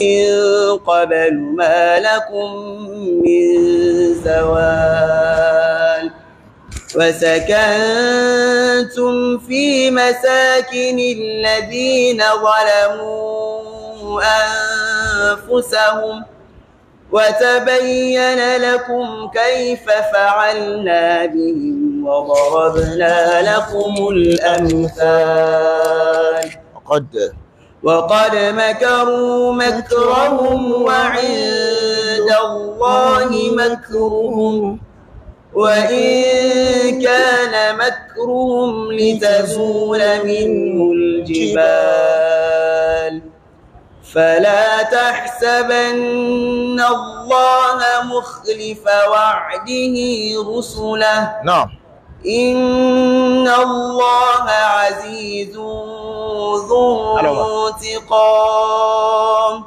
من قبل ما لكم من زوال وسكنتم في مساكن الذين ظلموا أنفسهم وتبين لكم كيف فعلنا بهم وضربنا لكم الأمثال قد وقد مكروا مكرهم وعند الله مكرهم وإن كان مكرهم لتزول منه الجبال فلا تحسبن الله مخلف وعده رسله نعم إن الله عزيز ذو انتقام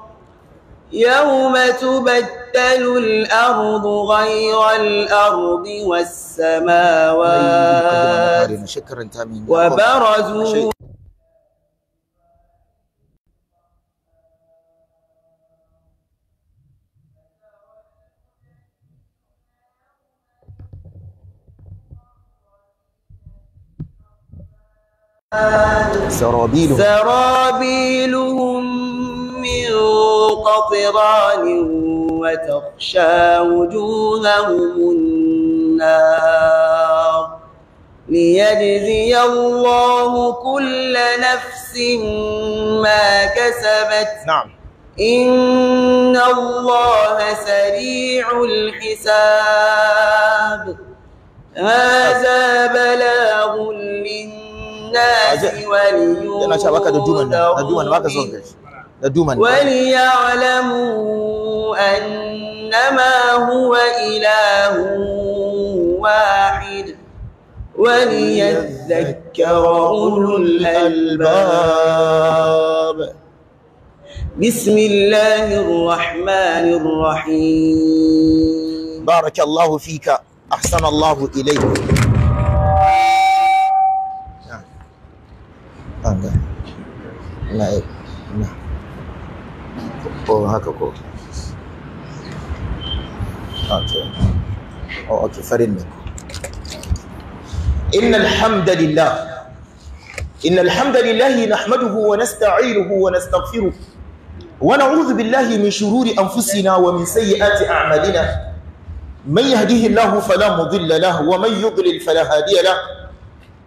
يوم تبدل الأرض غير الأرض والسماوات وبرزوا سرابيلهم سرابيلهم من قطران وتخشى وجوههم النار ليجزي الله كل نفس ما كسبت نعم إن الله سريع الحساب هذا بلاغ للناس للناس وليعلموا أنما هو إله واحد وليذكر أولو الألباب بسم الله الرحمن الرحيم بارك الله فيك أحسن الله إليك oh farin إن الحمد لله إن الحمد لله نحمده ونستعينه ونستغفره ونعوذ بالله من شرور أنفسنا ومن سيئات أعمالنا من يهديه الله فلا مضل له ومن يضلل فلا هادي له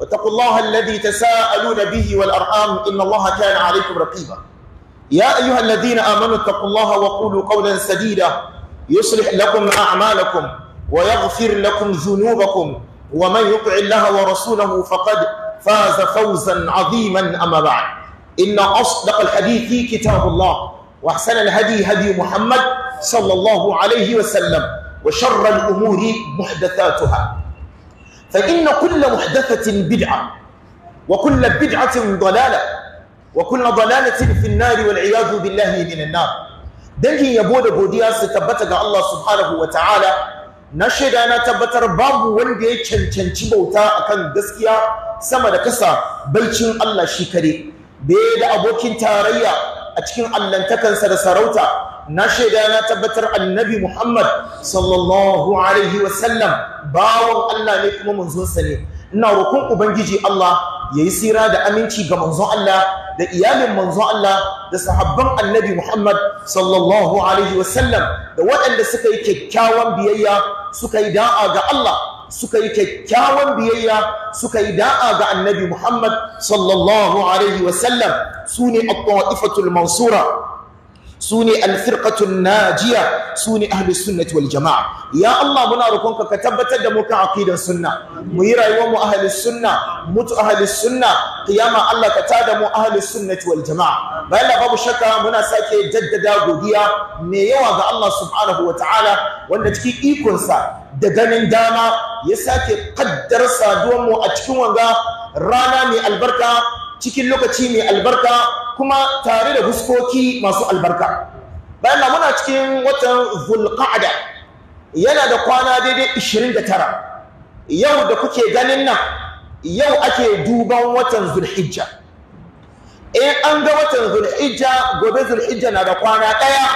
واتقوا الله الذي تساءلون به والأرحام إن الله كان عليكم رقيبا يا أيها الذين آمنوا اتقوا الله وقولوا قولا سديدا يصلح لكم أعمالكم ويغفر لكم ذنوبكم ومن يطع الله ورسوله فقد فاز فوزا عظيما أما بعد إن أصدق الحديث كتاب الله وأحسن الهدي هدي محمد صلى الله عليه وسلم وشر الأمور محدثاتها فإن كل محدثة بدعة وكل بدعة ضلالة وكل ضلالة في النار والعياذ بالله من النار دنجي يبود بوديا ستبتك الله سبحانه وتعالى نشد أنا تبتر باب وندي چنچنچي بوتا أكن دسكيا سمد كسا بيچن الله شكري بيد أبوكين تاريا a cikin allantakansa da sarauta na shaida na tabbatar annabi Muhammad sallallahu alaihi wasallam bawon Allah ne kuma manzonsa ne ina roƙon ubangiji Allah ya yi tsira da aminci ga manzon Allah da iyalin manzon Allah da sahabban annabi Muhammad sallallahu alaihi wasallam da waɗanda suka yi kyakkyawan biyayya suka yi da'a ga Allah suka yi kyakkyawan biyayya suka yi da'a ga annabi Muhammad sallallahu alaihi wasallam su ne at-ta'ifatul mansura su ne al-firqatul najiya su ne ahlus sunnati wal jama'a ya Allah muna rukunka ka tabbatar da mu kan aqidan sunna mu yi rayuwar mu ahlus sunna mutu ahlus sunna qiyama Allah ka tada mu ahlus sunnati wal jama'a bayan babu shakka muna sake jaddada godiya mai yawa ga Allah subhanahu wa ta'ala wanda cikin ikonsa da ganin dama ya sake kaddar mu a cikin wanga rana mai albarka cikin lokaci mai albarka kuma tare da huskoki masu albarka bayan na muna cikin watan zulqa'ada yana da kwana daidai 29 yau da kuke ganin nan yau ake duban watan zulhijja in an ga watan zulhijja gobe zulhijja na da kwana ɗaya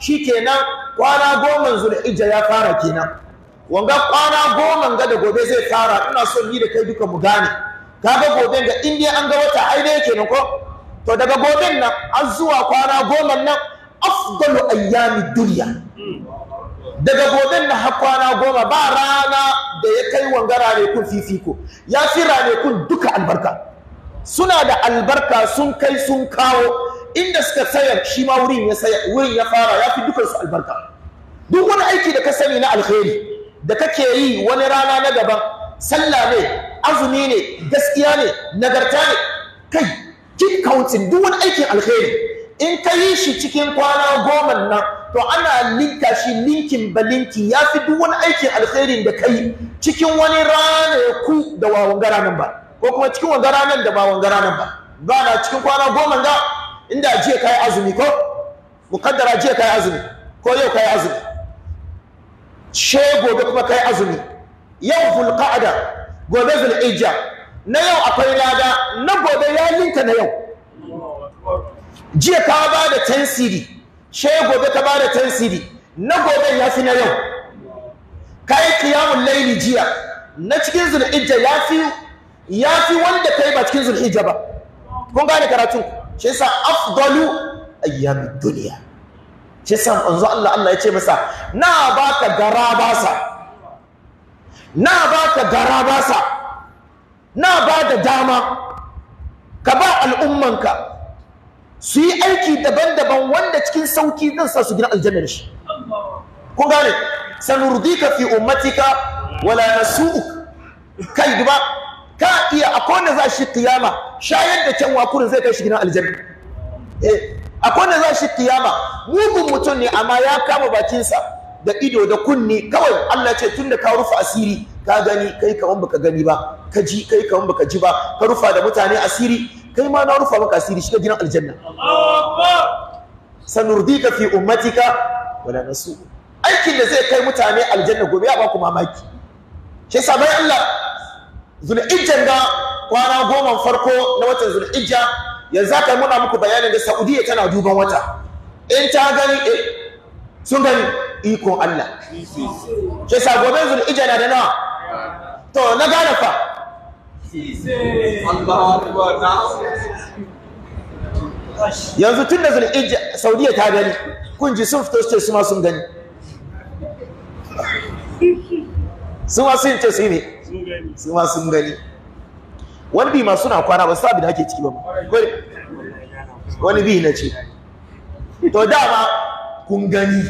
shikenan kwana goma zulhijja ya fara kenan wanga kwana goma ga da gobe zai fara ina son ni da kai duka mu gane kaga gobe ga indiya an ga wata ai dai kenan ko to daga goben nan an zuwa kwana goma nan afdalu ayyami dunya daga goben nan har kwana goma ba rana da ya kai wanga ranakun fifiko ya fi kun duka albarka suna da albarka sun kai sun kawo inda suka sayar shi ma wurin ya tsaya wurin ya fara ya fi dukansu albarka duk wani aiki da ka sani na alkhairi da kake yi wani rana na gaban sallah ne azumi ne gaskiya ne nagarta ne kai keep counting duk wani aikin alkhairi in ka yi shi cikin kwana goma nan to ana linka shi linkin balinki ya fi duk wani aikin alkhairin da kai cikin wani rana ku da wawan nan ba ko kuma cikin wangara nan da ba wangara nan ba ba na cikin kwana goma ga inda jiya kai azumi ko mukaddara jiya kai azumi ko yau kai azumi she gobe kuma kai azumi yau zulqa'ada gobe zulhijja na yau akwai lada na gobe ya linka na yau jiya ka ba da 10 cd she gobe ka ba da 10 cd na gobe ya fi na yau kai qiyamul layli jiya na cikin zulhijja ya fi ya fi wanda kai ba cikin zulhijja ba kun gane karatun shi yasa afdalu ayyamid dunya shi yasa manzo Allah Allah ya ce masa na baka garabasa na baka garabasa na ba da dama ka ba al'ummanka su yi aiki daban-daban wanda cikin sauki zan sa su gina aljanna da shi kun gane sanurdika fi ummatika wala nasu'uk kai duba ka iya akwai wanda za shi kiyama shayar da kyanwa kurin zai kai shi gina aljanna eh akwai wanda za shi kiyama mugun mutum ne amma ya kama bakinsa da ido da kunni kawai Allah ce tunda ka rufe asiri ka gani kai kaman baka gani ba ka ji kai kaman baka ji ba ka rufa da mutane asiri kai ma na rufa maka asiri shiga gidan aljanna sanurdika fi ummatika wala nasu aikin da zai kai mutane aljanna gobe ya baku mamaki shi yasa bai Allah zulhijja kwana goma farko na watan zulhijja yanzu kai muna muku bayanin da Saudiya tana duban wata in ta gani eh, sun gani ikon Allah ke sa gobe zulhijja na da nawa to na gane fa yanzu tun da zulhijja Saudiya ta gani kun ji sun fito su ce su ma sun gani su ma sun ce su ne su ma sun gani wani bi masu na kwana ba su da ake ciki ba wani bi na ce to dama kun gani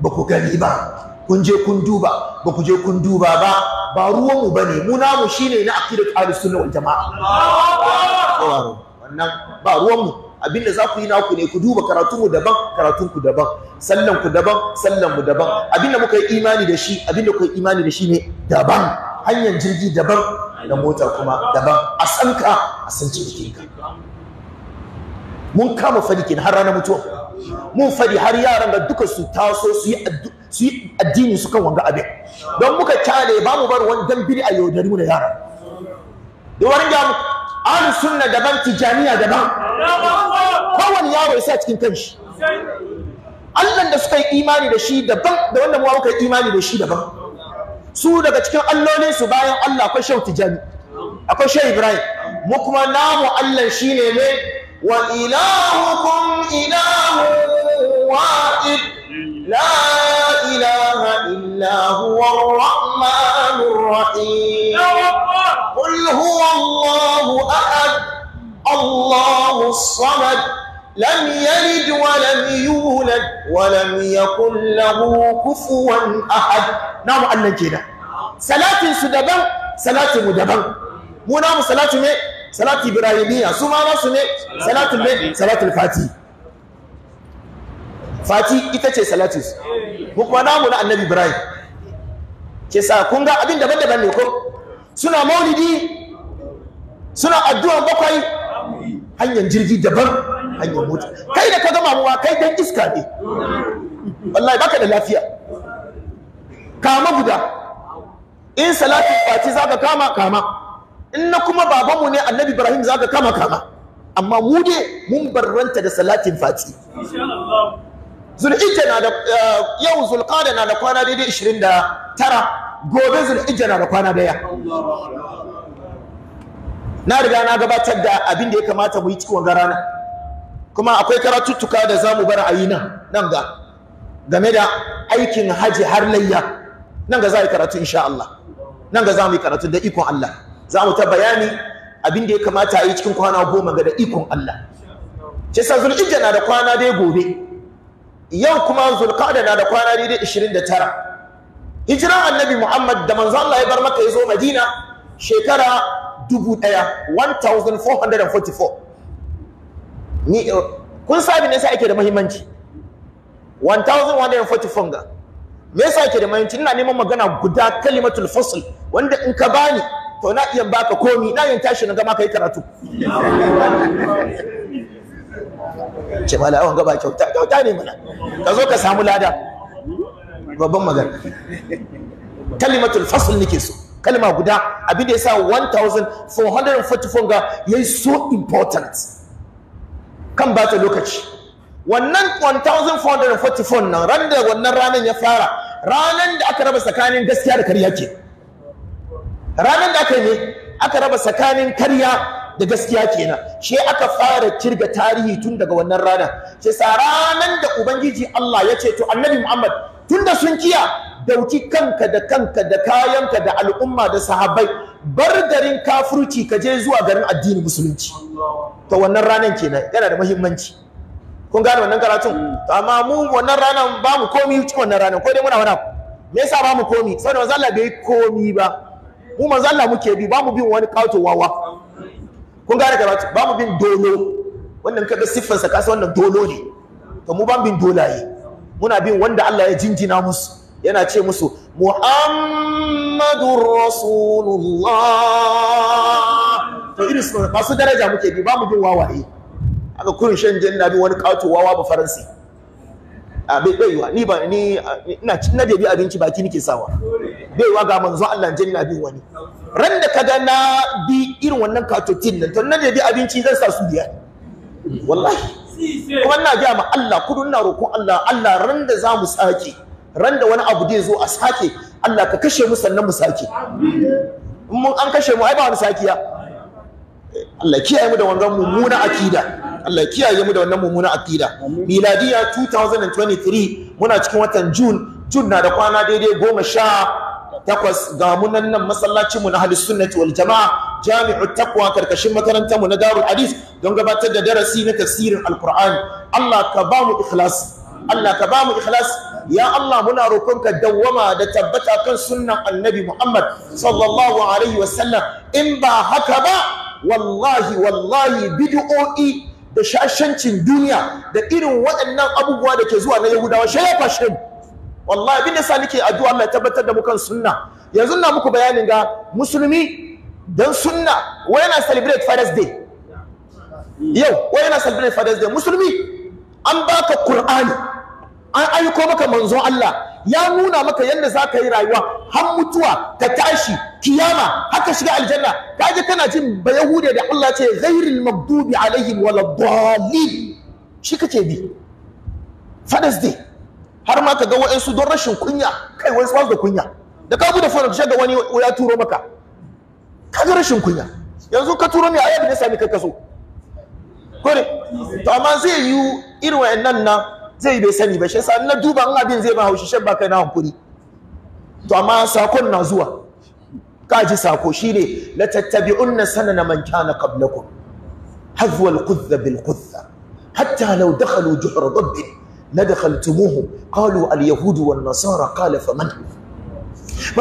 ba ku gani ba kun je kun duba ba ku je kun duba ba ba ruwanmu ba ne mu shine na aqidat ahlus jamaa ba ruwanmu abinda za ku yi naku ne ku duba karatunmu daban karatunku daban sallanku daban mu daban abinda muka yi imani da shi abinda ku yi imani da shi ne daban hanyar jirgi daban da mota kuma daban a san ka a san ka. mun kama fadi kin har ranar mutuwa mun fadi har yaran da duka su taso su yi su yi addini su kan wanga abin don muka kyale ba mu bar wani dambiri a yaudari mu da yaran da wani gamu ahlu sunna daban tijaniya daban kowani yaro ya sa cikin kanshi Allah da suka yi imani da shi daban da wanda mu muka yi imani da shi daban su daga cikin allolin su bayan Allah akwai shehu tijani akwai shehu ibrahim mu kuma namu Allah shine ne wa ilahukum ilahu wa'id la إله إلا هو الرحمن الرحيم قل هو الله أحد الله الصمد لم يلد ولم يولد ولم يكن له كفوا أحد نعم أن كده صلاة سدبان صلاة مدبان مو نعم صلاة مي صلاة إبراهيمية سمع نفسه مي صلاة مي صلاة الفاتحة fati ita ce salatus mu kuma namu na annabi ibrahim ke sa kun ga abin daban-daban ne ko suna maulidi suna addu'an bakwai hanyar jirgi daban hanyar mota kai da ka gama muwa kai dan iska ne wallahi baka da lafiya kama guda in Salatus fati zaka kama kama in na kuma babanmu ne annabi ibrahim zaka kama kama amma mu dai mun barranta da salatin fati zulhijja na da eh, yau zulqada na da kwana daidai tara gobe zulhijja na da kwana daya na riga na gabatar da abin da ya kamata mu yi cikin wanga rana kuma akwai karatuttuka da za mu bar a yi nan nan ga game da aikin haji har layya nan ga za yi karatu insha Allah nan ga za mu yi karatu da ikon Allah za mu ta bayani abin da ya kamata a yi cikin kwana goma ga da ikon Allah ce sa zulhijja na da kwana dai gobe yau kuma zulkada na da kwana daidai 29 hijiran annabi Muhammad da manzo Allah ya bar maka ya zo Madina shekara ɗaya, 1444 ni uh, kun sabi ne sai ake da muhimmanci 1144 ga me yasa ake da muhimmanci ina neman magana guda kalimatul fasl wanda in ka bani to na iya baka komi na yin tashi na ga ma kai karatu ce mala awon gaba kyauta kyauta ne mana ka zo ka samu lada babban magana kalimatul fasl nake so Kalima guda abinda da sa 1444 ga yi so important kan ba ta lokaci wannan 1444 nan ran da wannan ranar ya fara ranar da aka raba tsakanin gaskiya da karya ke Ranar da aka yi ne aka raba tsakanin karya da gaskiya kenan she aka fara kirga tarihi tun daga wannan rana she sa ranan da ubangiji Allah ya ce to annabi Muhammad tunda sun kiya dauki kanka da kanka da kayanka da al'umma da sahabbai bar garin kafirci ka je zuwa garin addinin musulunci to wannan ranan kenan yana da muhimmanci kun gane wannan karatun to amma mu wannan ranan ba mu komi cikin wannan ranan ko dai muna wani me yasa ba mu komi saboda manzo Allah bai komi ba mu manzo Allah muke bi ba mu bin wani kato wawa kun gane karatu ba mu bin dolo wannan kaga siffansa kasa wannan dolo ne to mu ban bin dolaye muna bin wanda Allah ya jinjina musu yana ce musu Muhammadur Rasulullah to irin su masu daraja muke bi ba mu bin wawaye aka kurin shan janna bi wani kato wawa ba faransi a bai baiwa ni ba ni ina cin na bi abinci baki nake sawa baiwa ga manzo Allah janna bin wani Randa kada na bi irin wannan katotin nan to nan da bi abinci zan sa su biya wallahi kuma ina ga ma Allah kudu ina roƙo Allah Allah randa za mu sake randa wani abu zai zo a sake Allah ka kashe mu sannan mu sake in mun an kashe mu ai ba mu sakiya Allah kiyaye mu da wannan mummuna akida Allah kiyaye mu da wannan mummuna akida miladiya 2023 muna cikin watan June June na da kwana daidai goma sha takwas ga munan nan masallacin mu na Ahlus Sunnati wal Jama'a jami'u, Taqwa karkashin makarantar mu na Darul Hadith don gabatar da darasi na tafsirin Al-Qur'ani Allah ka ba mu Allah ka ba mu ya Allah muna roƙonka dawwama da tabbata kan sunnan annabi Muhammad sallallahu alaihi wasallam in ba haka ba wallahi wallahi bid'o'i da shashancin duniya da irin waɗannan abubuwa da ke zuwa na Yahudawa shi ya wallahi abin da yasa nake addu'a Allah ya tabbatar da mu kan sunna yanzu na muku bayanin ga musulmi dan sunna wai yana celebrate Father's Day yau wai yana celebrate Father's Day musulmi an baka Qur'ani an aiko maka manzon Allah ya nuna maka yadda za ka yi rayuwa har mutuwa ka tashi kiyama haka shiga aljanna kaje kana jin ba yahudiya da Allah ce ghairil maghdubi alaihim waladdallin shi kake bi Father's Day har ma ka ga wa'ansu don rashin kunya kai wa'ansu ba su da kunya da ka bude fara shiga ga wani ya turo maka ka ga rashin kunya yanzu ka turo mai ayyabi ne sami kai kaso ko ne to amma zai yi irin nan na zai bai sani ba shi yasa na duba in abin zai ba haushi shan ba kai na hankuri to amma sakon na zuwa ka ji sako shi ne. la tattabi'unna na man kana qablakum hadwa al bil qudh hatta law dakhalu juhra dabbin ladakhaltumuhu qalu al-yahudu wan nasara qala faman manzo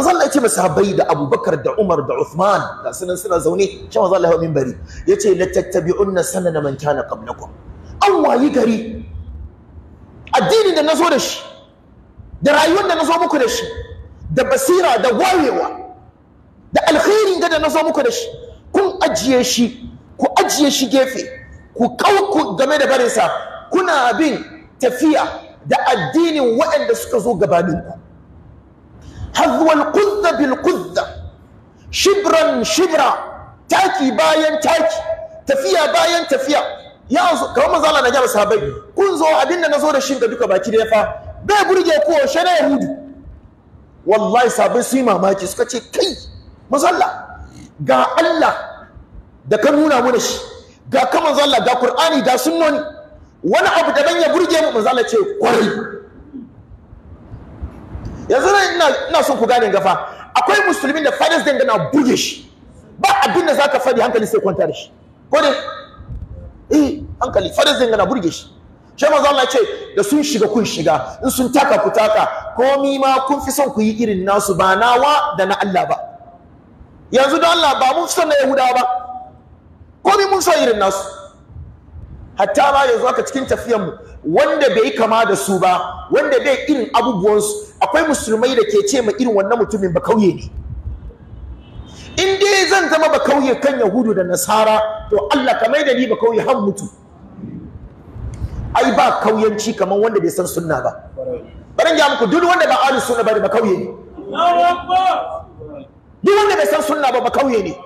Allah yace masahabai da Abubakar da Umar da Uthman da sunan suna zaune shi manzo Allah ya minbari yace la tattabi'unna sanana man kana qablakum an wayi gari addini da nazo da shi da rayuwar da nazo muku da shi da basira da wayewa da alkhairin da nazo muku da shi kun ajiye shi ku ajiye shi gefe ku kauku game da barinsa kuna bin tafiya da addinin waɗanda suka zo gabaninku hazwal kuzza bil kuzza shibran shibra taki bayan taki tafiya bayan tafiya ya zo kamar mazala na gaba sahabbai kun zo abin da zo da shi ga duka baki da ya fa bai burge ko na yahudu wallahi sahabbai sun yi mamaki suka ce kai manzo ga Allah da ka nuna mu da shi ga ka manzo ga kur'ani ga sunnoni wani abu daban ya burge mu manzo Allah ce kwarai yanzu ina ina son ku gane gafa akwai musulmin da fadis din na burge shi ba abin da zaka fadi hankali sai kwanta da shi ko ne eh hankali fadis din na burge shi shi manzo Allah ce da sun shiga kun shiga in sun taka ku taka komi ma kun fi son ku yi irin nasu ba nawa da na Allah ba yanzu don Allah ba mun fi son na Yahudawa ba komi mun so irin nasu hatta ma yanzu haka cikin tafiyanmu wanda bai kama da su ba wanda bai irin abubuwansu akwai musulmai da ke ce ma irin wannan mutumin ba kauye ne in dai zan zama ba kauye kan yahudu da nasara to allah ka da ni ba kauye har mutu ai ba kauyanci kamar wanda bai san sunna ba bari ga muku duk wanda ba ahlus sunna ba ba kauye ne duk wanda bai san sunna ba ba kauye ne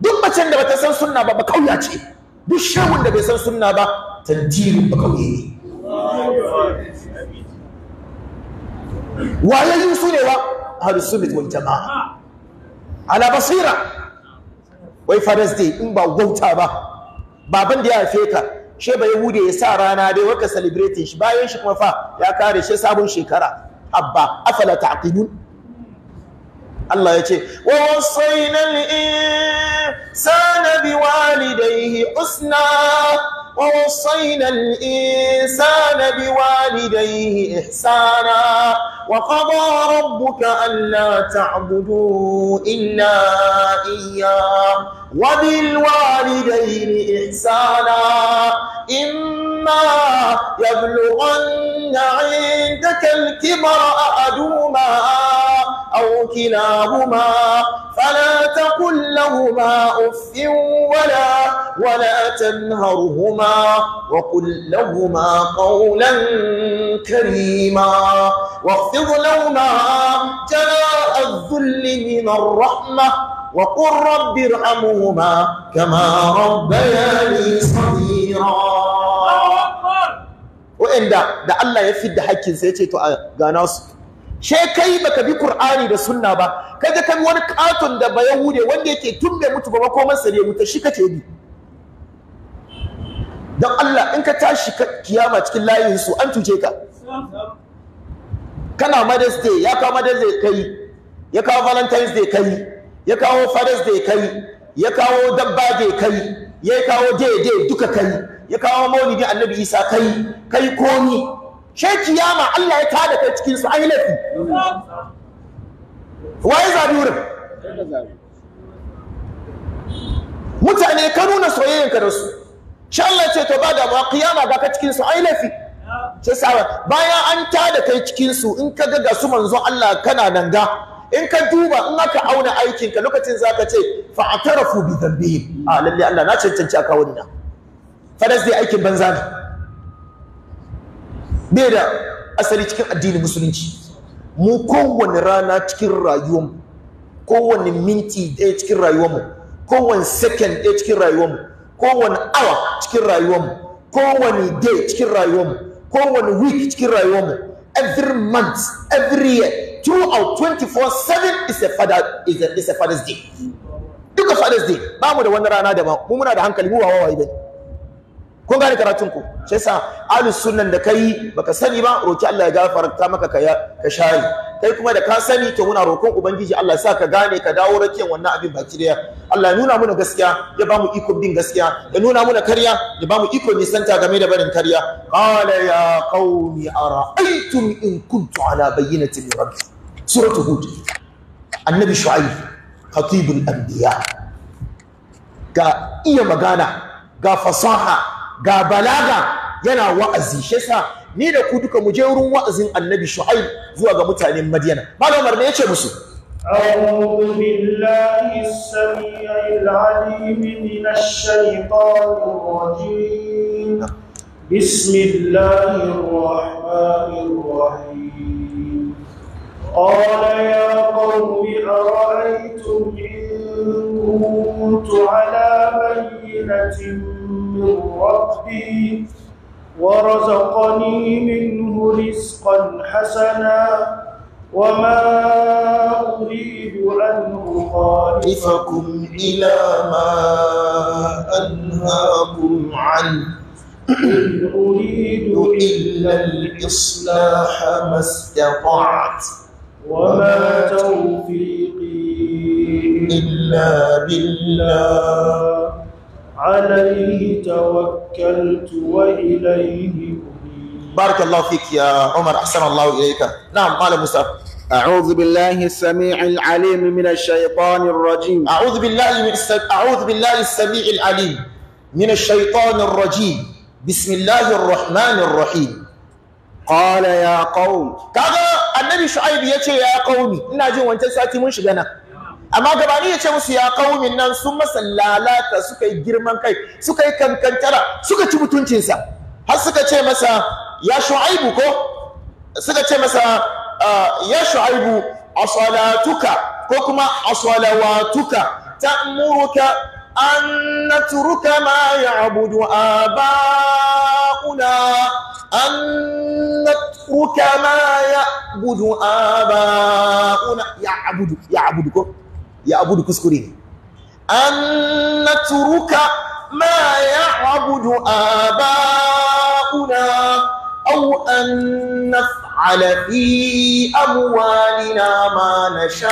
duk macen da bata san sunna ba ba kauya ce duk shehun da bai san sunna ba tantirin ba kauye ne su ne wa ahlus sunnah jama'a ala basira wai faras in ba wauta ba baban da ya haife ka she ba hude ya sa rana dai waka celebrating shi bayan shi kuma fa ya kare shi sabon shekara abba afala ta'qilun Allah ya ce wa wasainal insana biwalidayhi husna wa wasainal insana biwalidayhi ihsana wa qada rabbuka alla ta'budu illa iyyah wa bil walidayni ihsana imma yablughanna 'indaka al-kibra ahaduhuma كلاهما فلا تقل لهما أف ولا ولا تنهرهما وقل لهما قولا كريما واخفض لهما جلاء الذل من الرحمة وقل رب ارحمهما كما ربياني صغيرا وإن da Allah الله يفيد حكي سيتي تو to آية. she kai baka bi Qur'ani da sunna ba kaga kan wani katon da ba yahude wanda yake tun bai mutu ba makoman sa mutu, wuta shi kace bi dan Allah in ka tashi kiyama cikin layin su an tuje ka kana Mother's Day ya kawo Mother's Day kai ya kawo Valentine's Day kai ya kawo Father's Day kai ya kawo dabba Day kai ya kawo day day duka kai ya kawo maulidi Annabi Isa kai kai komi ya kiyama Allah ya tada kai cikin su an yi laifi waye zabi wurin mutane ka nuna soyayyen ka da su shi Allah ce to ba da ba kiyama ga ka cikin su an yi laifi sai sa bayan an tada kai cikin su in ka ga su manzo Allah kana nan ga in ka duba in aka auna aikinka lokacin za ka ce atarafu bi dhanbihim a ah, lalle Allah na cancanci aka wannan fa da aikin banza ne bai da asali cikin addinin musulunci mu kowane rana cikin rayuwarmu kowane minti ɗaya cikin rayuwarmu kowane second ɗaya cikin rayuwarmu kowane hour cikin rayuwarmu kowane day cikin rayuwarmu kowane week cikin rayuwarmu every month every year throughout 24/7 is a father is a, is a father's day duka father's day ba mu da wani rana da ba mu muna da hankali mu ba wawaye bane kun gane karatun ku sai sa ahlus sunnan da kai baka sani ba roki Allah ya gafarta maka ka ka share kai kuma da ka sani to muna rokon ubangiji Allah sa ka gane ka dawo rakiyan wannan abin baki daya Allah ya nuna muna gaskiya ya bamu iko bin gaskiya ya nuna muna karya ya bamu iko nisanta game da barin karya qala ya qaumi ara'aytum in kuntu ala bayyinati min rabbi suratu hud annabi shu'aib khatibul anbiya ga iya magana ga fasaha ga balaga yana wa'azi shi yasa ni da ku duka mu je wurin wa'azin annabi shu'aib zuwa ga mutanen madiyana malam umar me yace musu أعوذ بالله السميع العليم من الشيطان الرجيم بسم الله الرحمن الرحيم قال يا قوم أرأيتم إن كنت على بينة من ربي ورزقني منه رزقا حسنا وما أريد أن أخالفكم إلى ما أنهاكم عنه إن أريد إلا الإصلاح ما استطعت وما توفيقي إلا بالله عليه توكلت وإليه بارك الله فيك يا عمر أحسن الله إليك نعم قال موسى أعوذ بالله السميع العليم من الشيطان الرجيم أعوذ بالله أعوذ بالله السميع العليم من الشيطان الرجيم بسم الله الرحمن الرحيم قال يا قوم كذا النبي شعيب يتي يا قومي إن أجي وانت ساتي من شغنا amma gabani ya ce musu ya kaumin nan sun masa lalata suka yi girman kai suka yi kankantara suka ci mutuncinsa har suka ce masa ya shu'aibu ko suka ce masa ya shu'aibu asalatuka ko kuma asalawatuka ta'muruka an natruka ma ya'budu aba'una an natruka ma ya'budu aba'una ya'budu ya'budu ko ya abudu kuskure ne an turuka ma ya abudu ba'una au an naf'ala fi ma nasha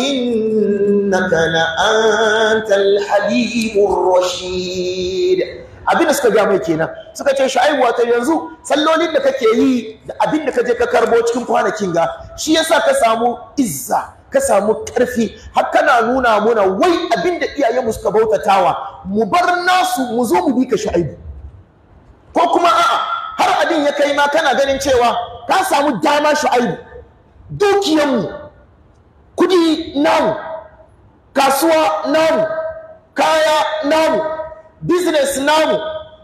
innaka la antal halimur rashid abin da suka gaya mai kenan suka ce sha'ibu ta yanzu sallolin da kake yi da abin da ka je ka karbo cikin kwanakin ga shi yasa ka samu izza ka samu ƙarfi har kana nuna muna wai abin abinda iyayenmu suka bautatawa mu bar nasu mu zo mu bi ka shu'aibu ko kuma a'a har abin ya kai ma kana ganin cewa ka samu dama shu'aibu dukiyanmu kudi namu kasuwa namu kaya namu business namu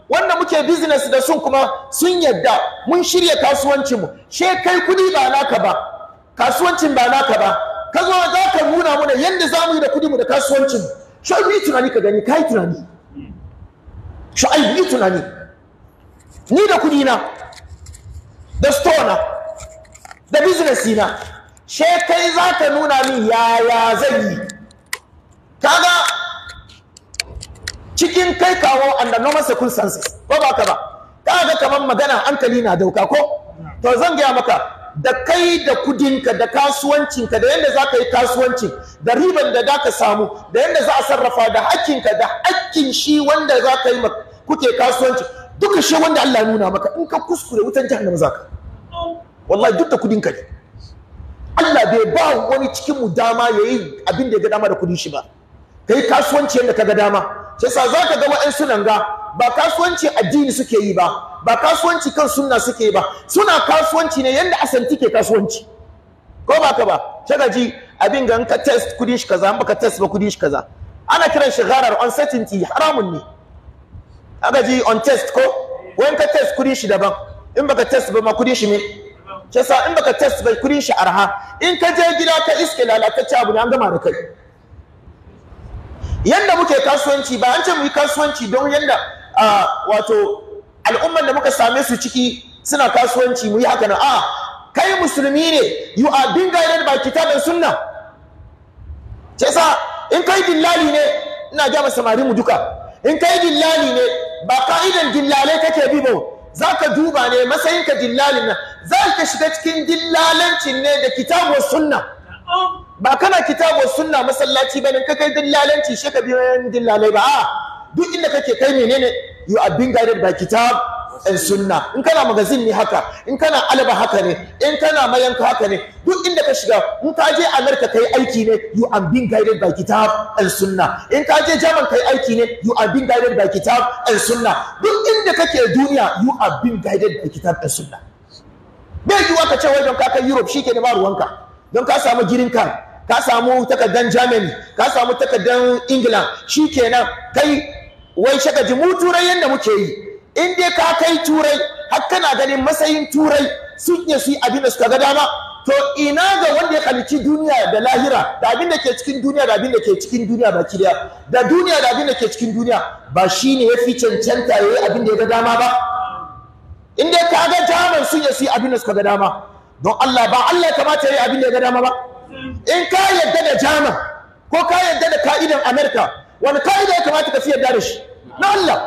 wanda muke business da sun kuma sun yadda mun shirya kasuwancinmu she kai kudi ba naka ba kasuwancin ba naka ba ka zo za ka nuna mana yadda za mu yi da kudinmu da kasuwancin shu'aibu yi tunani ka gani ka yi tunani shu'aibu yi tunani ni da kudina da stona da biznesina she kai za ka nuna min yaya zan yi kaga cikin kai kawo under normal circumstances ko ba ka ba kaga kamar magana hankali na dauka ko to zan gaya maka da kai da kudinka da kasuwancinka da yadda za ka yi kasuwanci da riban da za ka samu da yadda za a sarrafa da hakkinka da hakkin shi wanda za ka yi kuke kasuwanci duka shi wanda Allah nuna maka in ka kuskure wutan jahannama za ka wallahi duk da kudinka ne Allah bai ba wani cikin mu dama yayi abin da ya ga dama da kudin shi ba yi kasuwanci yadda kaga dama sai sa zaka ga wa'ansu nan ga ba kasuwanci addini suke yi ba ba kasuwanci kan sunna suke yi ba suna kasuwanci ne yadda asanti ke kasuwanci ko ba ka ba shaka ji abin ga ka test kudin shi kaza ba ka test ba kudin shi kaza ana kiran shi gharar uncertainty haramun ne aka ji on test ko wani ka test kudin shi daban in baka test ba ma kudin shi me shi in baka test ba kudin shi arha in ka je gida ka iske lalatacce abu ne an gama da kai yanda muke kasuwanci ba an ce mu yi kasuwanci don yanda wato al'ummar da muka same su ciki suna kasuwanci mu yi haka nan A'a kai musulmi ne you are being guided by kitabin sunna ce sa in kai dillali ne ina ga samari mu duka in kai dillali ne ba ka'idan dillalai kake bi ba za ka duba ne matsayin ka dillalin nan za ka shiga cikin dillalancin ne da kitabar sunna ba kana kitabu sunna masallaci bane ka kai dillalanci shi ka biyan dillalai ba duk inda kake kai menene you are being guided by kitab and sunna in kana magazin ne haka in kana alaba haka ne in kana mayanka haka ne duk inda ka shiga in ka je america kai aiki ne you are being guided by kitab and sunna in ka je german kai aiki ne you are being guided by kitab and sunna duk inda kake duniya you are being guided by kitab and sunna bai yiwuwa ka ce wai don ka kai europe shi ke ne ba ruwanka don ka samu girin kan ka samu takardar germany ka samu takardar England shi kenan kai wai shaka ji mu turai yadda muke yi in dai ka kai turai har kana ganin matsayin turai sun iya su yi abin da suka ga dama to ina ga wanda ya kalici duniya da lahira da abin da ke cikin duniya da abin da ke cikin duniya ba kiriya da duniya da abin da ke cikin duniya ba shi ne ya fi cancanta ya yi abin da ya ga dama ba in dai ka ga jaman sun ya su yi abin da suka ga dama don Allah ba Allah ya kamata ya yi abin da ya ga dama ba in ka yadda da jama ko ka yadda da ka'idan amerika wani ka'ida ya kamata ka fi da shi na Allah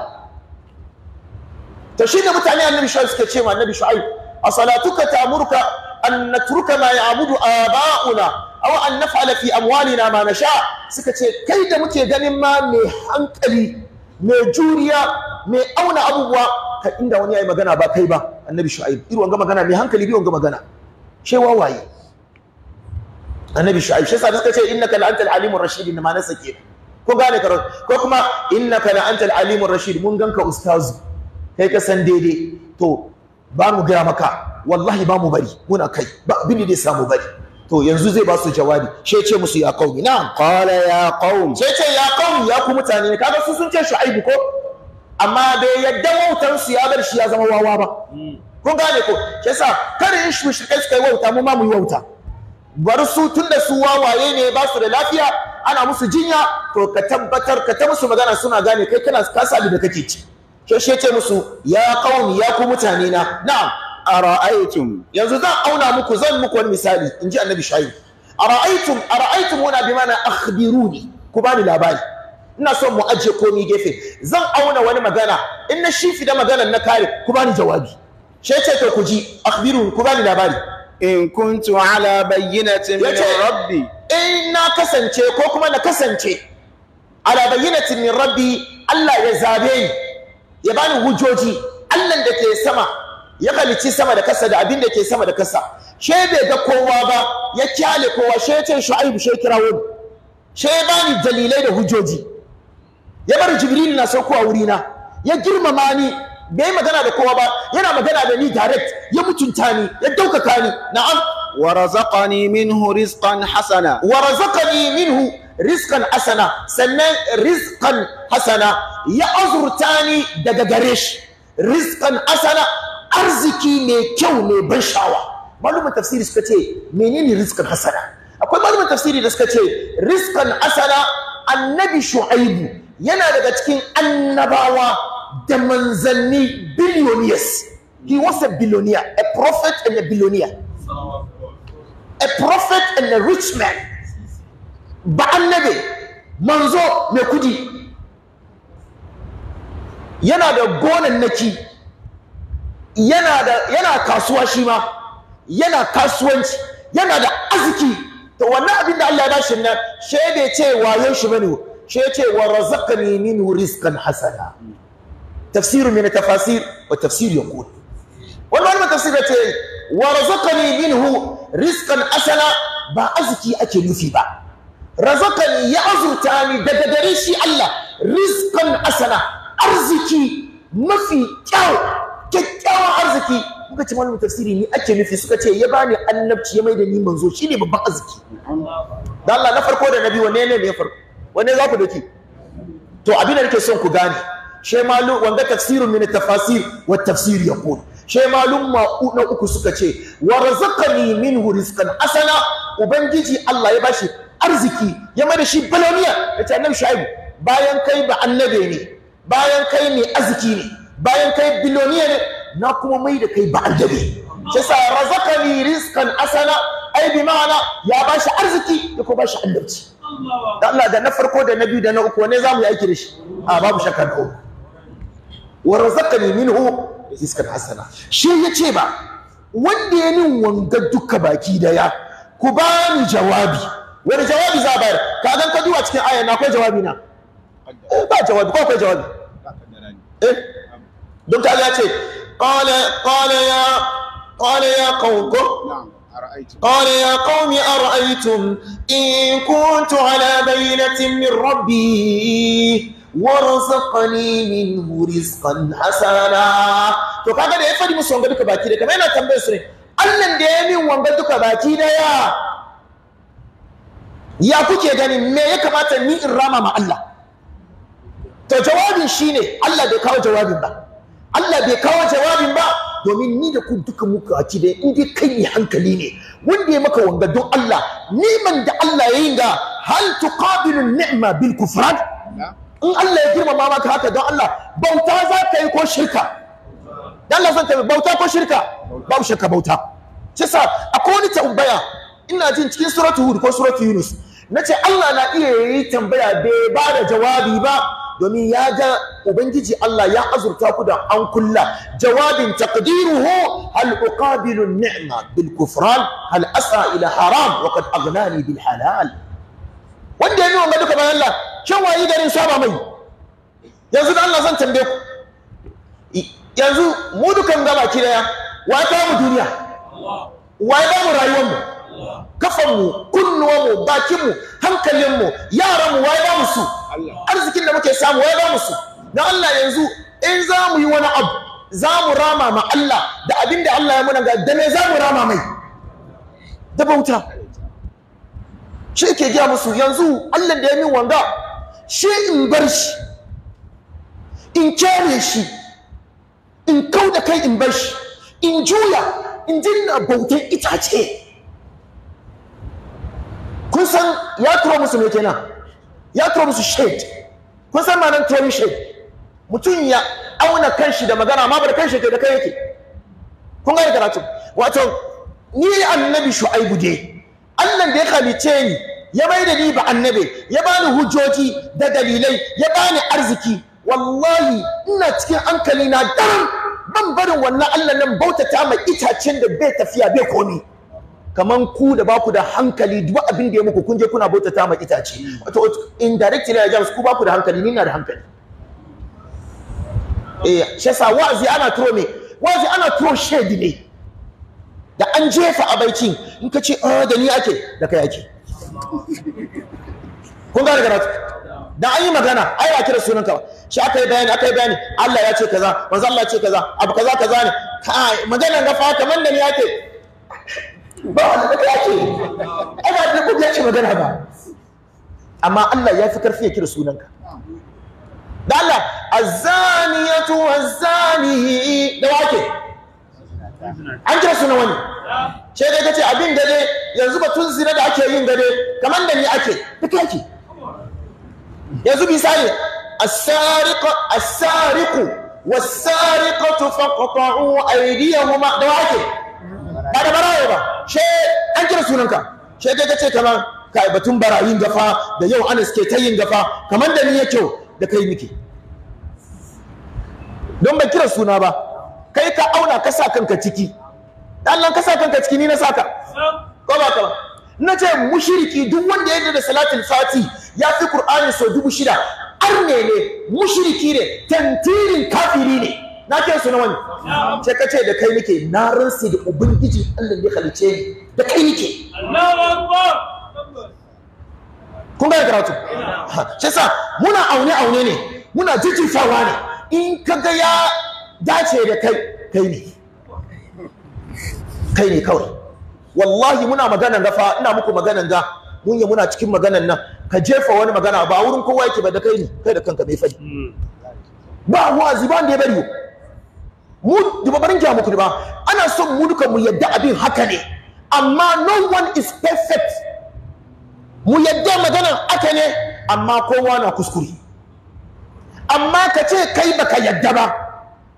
ta shi da mutane annabi shu'aib suke ce ma annabi shu'aib a salatuka ta'muruka an natruka ma ya'budu aba'una aw an naf'ala fi amwalina ma nasha suka ce kai da muke ganin ma mai hankali mai juriya mai auna abubuwa ka inda wani yayi magana ba kai ba annabi shu'aib irin wanga magana mai hankali bi wanga magana shewa waye annabi shu'aib shi yasa suka ce innaka la antal alimur rashid ma na sake ko gane karo ko kuma innaka la antal alimur rashid mun ganka ustazu kai ka san daidai to ba mu gira maka wallahi ba mu bari muna kai ba abin da samu bari to yanzu zai ba su jawabi she ce musu ya qaumi na qala ya qaum she ce ya qaum ya ku mutane ne kaga su sun ce shu'aib ko amma bai yadda wautan su ya bar shi ya zama wawa ba hmm. kun gane ko shi yasa kar in shi kai suka wauta mu ma mu yi wauta bari su da su wawaye ne ba su da lafiya ana musu jinya to ka tabbatar ka ta musu magana suna gane kai kana kasa da kake ci to shi ce musu ya qaumi ya ku mutane na na'am ara'aytum yanzu zan auna muku zan muku wani misali inji annabi shayi ara'aytum ara'aytum wana bi mana akhbiruni ku bani labari ina so mu ajiye komi gefe zan auna wani magana in na shifi da maganar na kare ku bani jawabi shi ce to ku ji akhbiruni ku bani labari in kuntu ala bayyinatin min rabbi in eh, na kasance ko kuma na kasance ala bayyinatin min rabbi Allah ya zabe ni ya bani hujoji Allah da ke sama ya kalici sama da kasa da abin da ke sama da kasa she bai ga kowa ba ya kyale kowa she ya ce shu'aibu she kirawo she ya bani dalilai da hujoji ya bar jibril na saukowa wurina ya girmama ni bai magana da kowa ba yana magana da ni direct ya mutunta ni ya daukaka ni na'am wa razaqani minhu rizqan hasana wa razaqani minhu rizqan hasana sannan rizqan hasana ya azurta ni daga gare shi rizqan hasana arziki mai kyau mai ban sha'awa malumin tafsiri suka ce menene rizqan hasana akwai malumin tafsiri da suka ce rizqan hasana annabi shu'aibu yana daga cikin annabawa da manzani billionaires he was a billionaire a prophet and a billionaire a prophet and a rich man ba manzo mai yana da gonannaki yana da yana kasuwa shi ma yana kasuwanci yana da arziki to wannan abin da Allah ya bashi nan shede ce wayon shi bane ya ce wa razaqani minhu rizqan hasana tafsir min tafasir wa tafsir yaqul wani wani tafsir ce wa razaqani minhu rizqan asana ba aziki ake nufi ba Razakani ya azurta ni daga gare shi Allah rizqan asana arziki mafi kyau kyakkyawan arziki muka ce malamin tafsiri ni ake nufi suka ce ya bani annabci ya mai da ni shi ne babban aziki. da Allah na farko da nabi wanne ne ne farko wanne za ku dake to abin da nake son ku gane she malum wanga tafsirun min tafasir wa tafsir yaqul she malum ma na uku suka ce wa razaqani minhu rizqan asana ubangiji Allah ya bashi arziki ya mai da shi baloniya yace annabi shaibu bayan kai ba annabe ne bayan kai ne arziki ne bayan kai biloniya ne na kuma mai da kai ba annabe shi yasa razaqani rizqan asana ai bi ma'ana ya bashi arziki ya kuma bashi annabci Allah da na farko da na biyu da na uku ne zamu yi aiki da shi a babu shakka da uku wa razaqani minhu rizqan hasana shi yace ba wanda ya min wanga duka baki daya ku ba ni jawabi wani jawabi za bayar ka ga ka duwa cikin ayan akwai jawabi na ba jawabi ko akwai jawabi eh don ta ya ce qala qala ya qala ya qawm قال يا قوم أرأيتم إن كنت على بينة من ربي warzuqni minhu rizqan hasana to kaga da ya fadi musu wanga duka baki da kamar yana tambayar su ne Allah da ya min wanga duka baki daya ya kuke ganin me ya kamata ni in rama ma Allah to jawabin shine Allah bai kawo jawabin ba Allah bai kawo jawabin ba domin ni da ku duka muka a dai in dai kai ne hankali ne wanda ya maka wanga don Allah niman da Allah ya da ga hal tuqabilu ni'ma bil in Allah ya girmama maka haka don Allah bauta za ka yi ko shirka dan Allah zan tabi bauta ko shirka babu shakka bauta kisa akwai wani tambaya ina jin cikin suratu hud ko suratu yunus nace Allah na iya yi tambaya bai ba da jawabi ba domin ya ga ubangiji Allah ya azurta ku da an kulla jawabin taqdiruhu hal uqabilu ni'ma bil kufran hal asa ila haram wa qad aghnani bil halal wanda ya yi wanga duka bayan Allah shan wayi garin saba mai yanzu da Allah zan tambaye ku yanzu mu dukan ga ki daya wa ta mu duniya wa ya mu rayuwar mu kafan mu kunnuwa mu bakin mu hankalin mu yaran mu wa ya mu su arzikin da muke samu wa ya mu su dan Allah yanzu in za mu yi wani abu za mu rama ma Allah da abin da Allah ya muna ga da me za mu rama mai da bauta shi ke gaya musu yanzu Allah da ya min wanga shi in bar shi in kyare shi in kau da kai in bar shi in juya in dinna bautan itace kun san ya turo musu me kenan ya turo musu shade kun san ma'anar turo shade mutum ya auna kanshi da magana ma bar kanshi ke da kai yake kun ga karatu wato ni annabi shu'aibu dai Allah da ya halice ni ya bai da ni ba annabe ya bani hujjoji da dalilai ya bani arziki wallahi ina cikin hankali na daram ban barin wannan Allah nan bautata mai itacen da bai tafiya bai komi kaman ku da baku da hankali duk abin da ya muku kun je kuna bautata mai itace wato indirectly ya jams ku baku da hankali ni na da hankali eh shi yasa wa'azi ana turo me wa'azi ana turo shedi ne da an jefa abaicin in ka ce ah da ni ake da kai ake kun gane karatu da an yi magana ai ba kira sunan ka ba shi aka yi bayani aka yi bayani Allah ya ce kaza manzo Allah ya ce kaza abu kaza kaza ne kai magana ga fa kamar da ni ake ba wanda da kai ake ai ba da kuke ce magana ba amma Allah ya fi karfi ya kira sunan ka da Allah azaniyatu wazanihi da wake an kira suna wani ce dai kace abin gade yanzu batun zina da ake yin gade kamar da ni ake fita ki yanzu misali as-sariqu as-sariqu was-sariqatu faqta'u aydiyahuma da wake ba da baraye ba she an kira sunanka ce dai kace kamar kai batun barayin gafa da yau Anas ke ta yin gafa kamar da ni yake da kai miki don ba kira suna ba kai ka auna ka sa kanka ciki Allah ka sa kanka ciki ni na saka ko ba ka na ce mushriki duk wanda ya da salatul fati ya fi qur'ani so dubu shida arne ne mushriki ne tantirin kafiri ne na ke su na wani ce ka da kai nake na ransu da ubangiji Allah ne halice ni da kai nake Allahu akbar kun ga karatu shi sa muna aune aune ne muna jijjifawa ne in kaga ya dace da kai kai ne kai ne kawai wallahi muna maganan gafa ina muku maganan ga mun yi muna cikin maganan nan ka jefa wani magana ba wurin kowa yake ba da kai ne kai da kanka mai fai ba wazi ba da ya bari mu duba barin gya muku ba ana son mu duka mu yadda abin haka ne amma no one is perfect mu yadda maganan aka ne amma kowa na kuskure amma ka ce kai baka yadda ba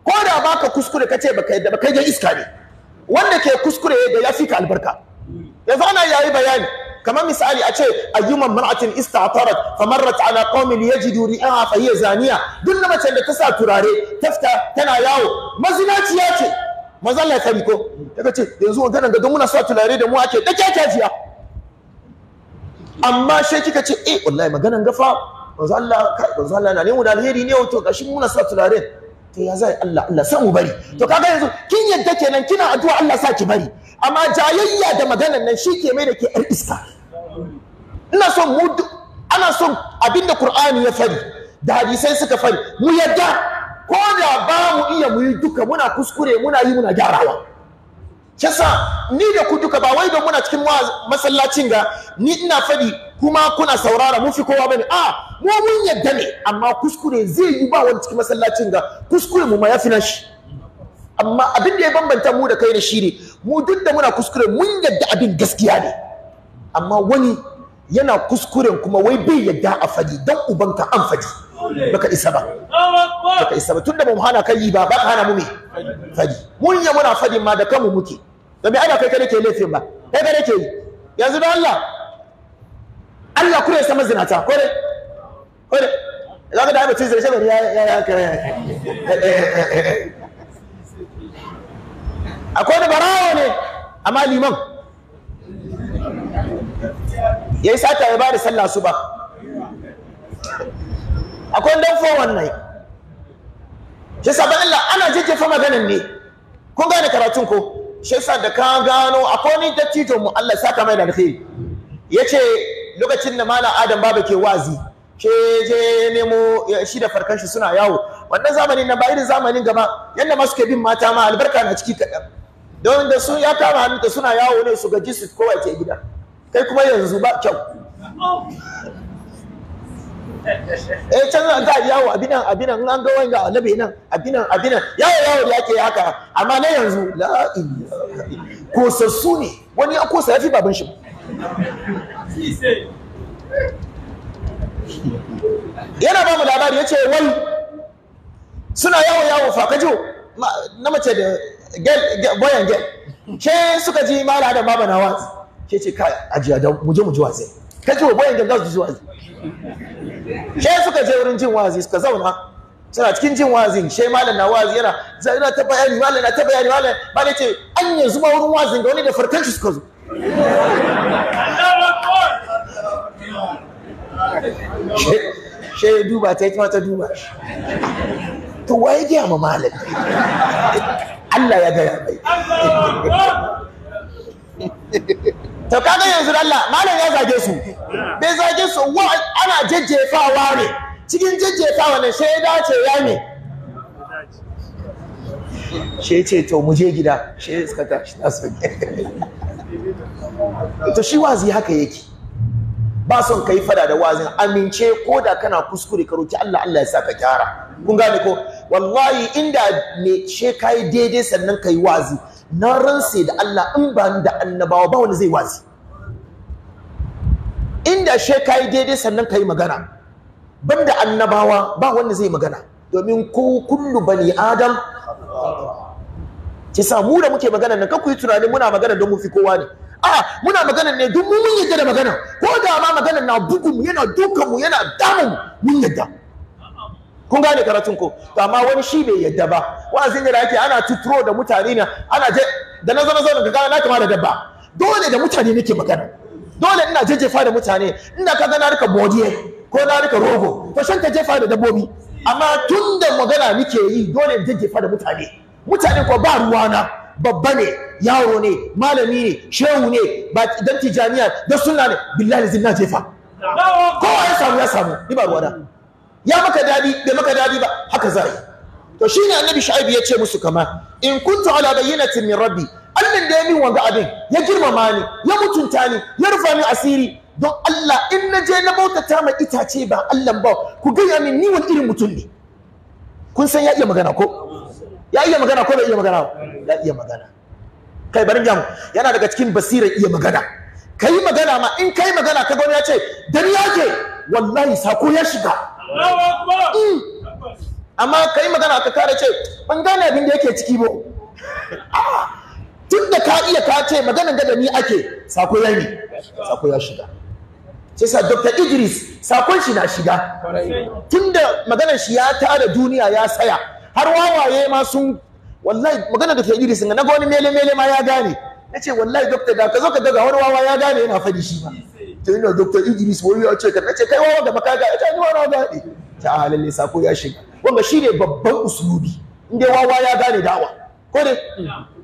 ko da baka kuskure kace baka yadda baka dan iska ne wanda ke kuskure da ya fika albarka yanzu ana yayi bayani kamar misali a ce ayyuman mar'atin istatarat famarrat ala qaumin yajidu ri'aha fa hiya zaniya duk na mace da ta sa turare tafta tana yawo mazinaciya ce manzo Allah ya ko daga ce yanzu wannan ga muna sa turare da mu ake ke kajiya amma sai kika ce eh wallahi maganan gafa manzo Allah kai manzo Allah na ne mu da alheri ne wato gashin muna sa turare to ya zai Allah Allah mu bari to kaga yanzu kin yadda kenan kina addu'a Allah sa ki bari amma jayayya da maganar nan shi ke mai da ke yar iska ina son mu ana son abinda Qur'ani ya fari da hadisai suka fari mu yadda ko da ba mu iya mu yi duka muna kuskure muna yi muna gyarawa kisa ni da ku duka ba wai don muna cikin masallacin ga ni ina fadi kuma kuna saurara mun fi kowa bane a ah, mu mun yadda ne amma kuskure zai yi ba wani cikin masallacin ga kuskure mu ma ya na shi amma abin da ya bambanta mu da kai ne shi ne mu duk da muna kuskure mun yadda abin gaskiya ne amma wani yana kuskuren kuma wai bai yadda a fadi dan ubanka an fadi baka isa ba baka isa ba tunda ba mu hana kai ba baka hana mu me fadi mun ya muna fadin ma da kanmu muke da me ana kai kake laifin ba kai kake yanzu da Allah Allah kure ya sama zinata kore kore zaka da abin zai shabar ya ya ya kare akwai da barawo ne amma liman ya yi sata ya ba da sallah su ba akwai dan fo wannan shi sabon Allah ana jajjefa maganan ne kun gane karatun ko shi yasa da ka gano akwai ni dattijo mu Allah saka mai da alheri yace lokacin da malam adam baba ke wazi ke je nemo shi da farkan shi suna yawo wannan zamanin na ba irin zamanin gaba yanda ma suke bin mata ma albarka na ciki kaɗan don da su ya kama hannu da suna yawo ne su gaji su kowa ke gida kai kuma yanzu ba kyau eh can za a yawo abinan abinan an ga wanga annabi nan abinan abinan yawo yawo da yake haka amma na yanzu la ilaha kosassu ne wani ya kosa ya fi baban shi yana ba mu labari ya ce wani suna yawo yawo fakajo na mace da boyan gel ke suka ji mala da baba na watsi ke ce kai ajiya da muje ji wazi ka ji wa boyan gel za su ji wazi ke suka je wurin jin wazi suka zauna suna cikin jin wazin ke malam na wazi yana zaina ta bayani malam na ta bayani malam ba ne ce an yanzu ma wurin wazin ga wani da farkanshi suka zo shi ya duba ta kuma ta duba shi to wa ya gaya ma malami Allah ya gaya mai to kaga yanzu Allah malam ya zage su bai zage su wa ana jajjefawa ne cikin jajjefawa ne sai ya dace ya ne shi ce to mu je gida shi suka tashi ta so to shi wazi haka yake ba son kai fada da wazin amince ko da kana kuskure ka roki Allah Allah ya sa ka gyara kun gane ko wallahi inda ne she kai daidai sannan kai wazi na sai da Allah in ba da annabawa ba wani zai wazi inda she kai daidai sannan kai magana banda annabawa ba wani zai magana domin ko kullu bani adam Ki sa mu da muke magana nan ku yi tunani muna magana don mu fi kowa ne a muna maganan ne duk mun yadda da magana ko da ma magana na bugu mu yana dukan mu yana damun mun yadda kun gane karatun ko to amma wani shi bai yadda ba wa'azin da ake ana tuturo da mutane na ana je da na zama zauna ga na kama da dabba dole da mutane nake magana dole ina jejjefa da mutane ina kaga na rika bodiye ko na rika rogo to shan ka jefa da dabbobi amma tun da magana nake yi dole in jejjefa da mutane mutane ko ba ruwana babba ne yaro ne malami ne shehu ne ba dan tijaniya da sunna ne billahi zin na jefa kowa ya samu ya samu ni ba ruwa ya maka dadi bai maka dadi ba haka za to shine annabi shu'aib ya ce musu kama in kuntu ala bayyinatin min rabbi Allah da ya min wanga abin ya girmama ni ya mutunta ni ya rufa min asiri don Allah in na je na bautata ma itace ba Allah ba ku gaya min ni wani irin mutum ne kun san ya iya magana ko ya iya magana ko bai iya magana ya iya magana kai bari mu yana daga cikin basirar iya magana kai magana ma in kai magana ka gwamnati ya ce dan yake wallahi sako ya shiga mm. amma kai magana ka kare ce ban gane abin da yake ciki ba tunda da ka iya ka ce maganan da ni ake sako ya ne sako ya shiga sai sa dr idris sakon shi na shiga tunda maganar shi ya tara duniya ya tsaya har wawaye ma sun wallahi magana da ta iri na ga wani mele mele ma ya gane ce wallahi doctor da ka zo ka daga wani wawa ya gane yana fadi shi ba ta yana doctor idris wani ya ce ka ce kai wawa da maka ga ta ni wawa gane ta ah, lalle sako ya shiga wanda ne babban in inda wawa ya gane dawa. ko dai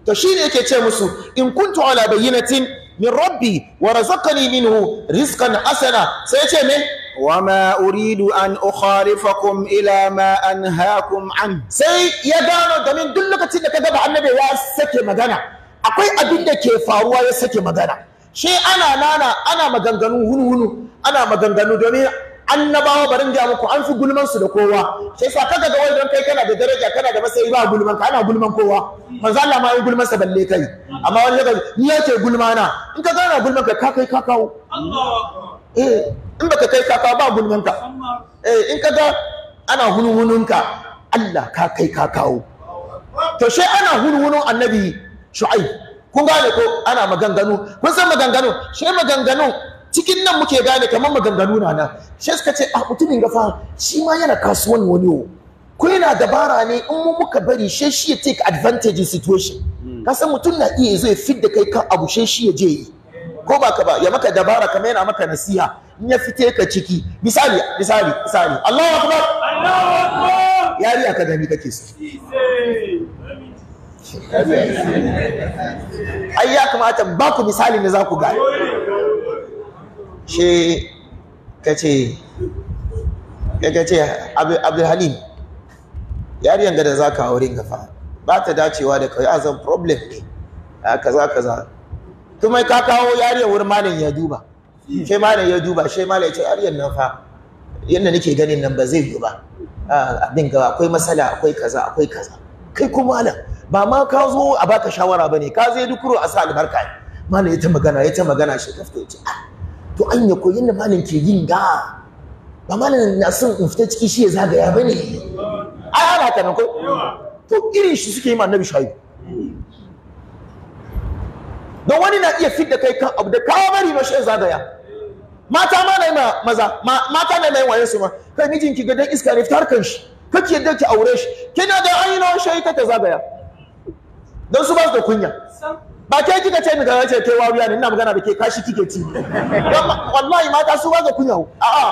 to shi ne yake ce musu in kuntu ala bayyinatin min rabbi wa razaqani minhu rizqan hasana sai ya ce me wama uridu an ukhalifakum ila ma anhaakum an sai ya gano domin duk lokacin da ka gaba annabi ya sake magana akwai abin da ke faruwa ya sake magana shi ana nana ana maganganu hunhunu ana maganganu domin annabawa barin da muku an fi gulman su da kowa sai sa kaga ga wai kai kana da daraja kana da masayi ba gulman ka ana gulman kowa manzo Allah ma yi gulman sa balle kai amma wani lokaci ni yake gulma na in ka gana gulman ka ka kai ka kawo Eh, in baka kai kaka ba gulman eh in kaga ana hunhunun ka Allah ka kai ka kawo to she ana hunhunun annabi shu'aib kun gane ko ana maganganu kun san maganganu she maganganu cikin nan muke gane kamar maganganu na nan sai suka ce ah mutumin gafa shi ma yana kasuwan wani o ko yana dabara ne in mu muka bari she shi ya take advantage situation hmm. kasan mutum na iya zai fit da kai kan abu sai shi ya je yi ko ba ka ba ya maka dabara kamar yana maka nasiha in ya fite ka ciki misali misali misali Allahu akbar Allahu akbar yari aka gani kake so ai ya kamata ba ku misali ne za ku ga she kace kace Abdul Halim yari yanga da zaka auren gafa ba ta dacewa da kai azan problem ne kaza kaza kuma ka kawo yariyar wurin malam ya duba shi malam ya duba shi malin ya ce yariyar nan fa yadda nake ganin nan ba zai yi ba abin gaba akwai matsala akwai kaza akwai kaza kai ko malam ba ma ka zo a baka shawara ba ne ka zai dukuro a sa albarka malam ya ta magana ya ta magana shi ka fito ya ce a ah, to an ya koyi yadda malam ke yin ga ba malam na son in fita ciki shi ya zagaya ne. ai ana haka nan ko to irin shi suke yi ma annabi shayu don wani na iya fit da kai kan abu da kawo bari ma shi zagaya mata ma na yi ma maza mata na yi wayansu su ma kai mijinki ga dan iska ne fitar kan shi kake yadda ki aure shi kina da ainihin shi ta ta zagaya don su ba su da kunya ba ke kika ce ni gara ce kai wariya ne ina magana da ke kashi kike ci wallahi mata su ba su da kunya a'a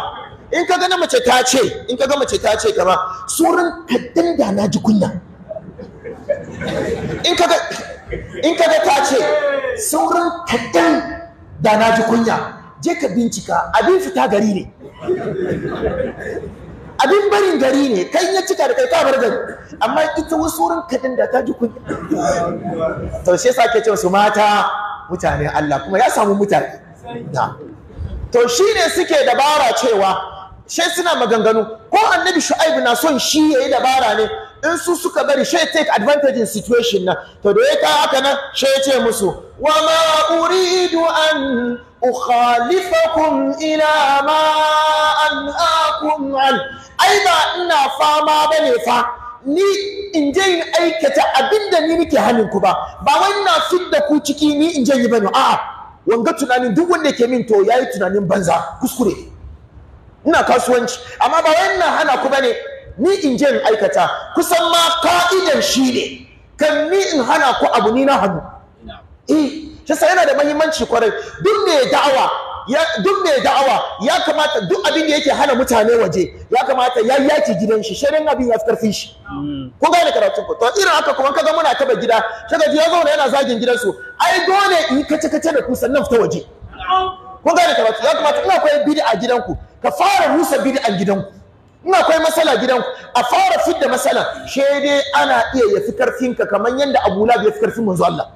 in ka gani mace ta ce in ka ga mace ta ce kama surin kaddan da na ji kunya in ka ga in ka ta ce sauran kaɗan da na ji kunya je ka bincika abin fita gari ne abin barin gari ne kai ya cika da kai ka bar gari amma ita wasu wurin kaɗan da ta ji kunya to shi yasa ke cewa su mata mutane Allah kuma ya samu mutane na to shine suke dabara cewa sai suna maganganu ko annabi shu'aibu na son shi yayi dabara ne in su suka bari shai take advantage in situation na to da ya ka haka nan shai ce musu wa ma uridu an ukhalifakum ila ma anhaakum an ai ba ina fama bane fa ni in je in aikata abinda ni nake hanin ku ba ba wai ina fidda ku ciki ni in je yi bane a'a wanga tunanin duk wanda ke min to yayi tunanin banza kuskure ina kasuwanci amma ba wai ina hana ku bane ni in je in aikata kusan ma ka'idan shi ne kan ni in hana ku abu ni na hannu eh shi yana da muhimmanci kwarai duk mai da'awa ya duk mai da'awa ya kamata duk abin da yake hana mutane waje ya kamata ya yaki gidan shi shirin abin ya karfin shi kun gane karatu ku to irin haka kuma kaga muna taba gida kaga ya zauna yana zagin gidansu ai dole in kace kace da ku sannan fita waje kun gane karatu ya kamata ina koyi bid'a gidanku ka fara rusa gidan gidanku in akwai matsala gidan a fara fidda matsala she dai ana iya ya fi karfinka kamar yadda Abu Lahab ya fi karfin manzo Allah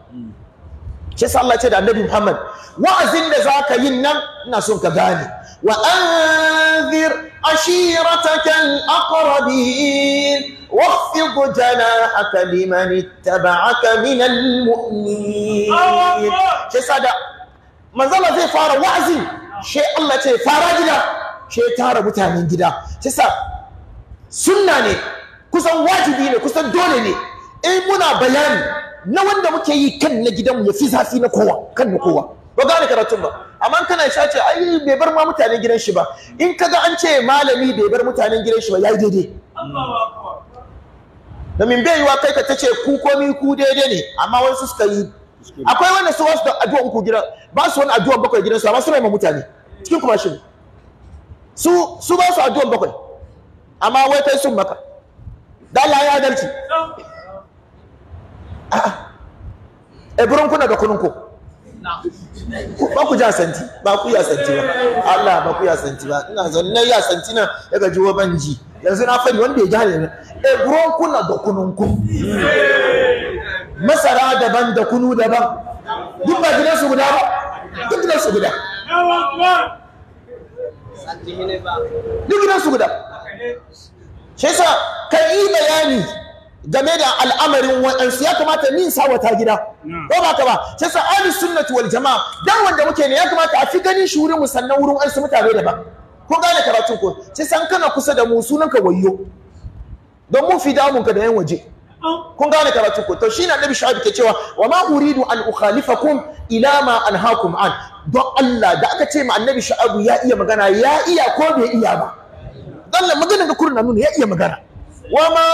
shi yasa Allah ce da Annabi Muhammad wa'azin da zaka yin nan ina son ka gane wa anzir ashirataka al-aqrabin واخفض جناحك لمن اتبعك من المؤمنين shi yasa da manzo Allah zai fara wa'azi she Allah ce fara gida shi ya tara mutanen gida kisa sunna ne kusan wajibi ne kusan dole ne in muna bayani na wanda muke yi kan na gidan mu fi zafi na kowa kan na kowa ba gane karatun ba amma kana sha ce ai bai bar ma mutanen gidan shi ba in kaga an ce malami bai bar mutanen gidan shi ba yayi daidai da min bai yiwa kai ka tace ku komi ku daidai ne amma wasu suka yi akwai wanda su wasu da addu'a uku gidan ba su wani addu'a bakwai gidan su amma suna yi ma mutane cikin kuma shi su su ba su addu'an bakwai amma wai kai sun maka eh, da Allah ya adalci eburin kuna da kunun ku ba ku ja santi ba ku ya santi ba Allah ba ku ya santi ba ina zanne ya santi na daga jiwo banji yanzu na fani wanda ya ji halin eburin eh, kuna da kunun masara daban da kunu daban duk ba gidansu guda ba duk su guda duk su guda shi yasa ka yi bayani game da al'amarin wa'ansu ya kamata min sawata gida ko ba ka ba shi yasa ahli sunnati wal jama'a dan wanda muke ne ya kamata a fi ganin shi wurin mu sannan wurin wasu mutane da ba. ko gane karatun ko shi kana kusa da mu sunan ka wayyo don mu fi damun ka da yan waje kun gane karatu ku. to shine annabi shu'aib ke cewa wa ma uridu an ukhalifakum ila ma anhaakum an don Allah da aka ce ma annabi shu'aib ya iya magana ya iya ko bai iya ba Allah maganar da kurna nuna ya iya magana wa ma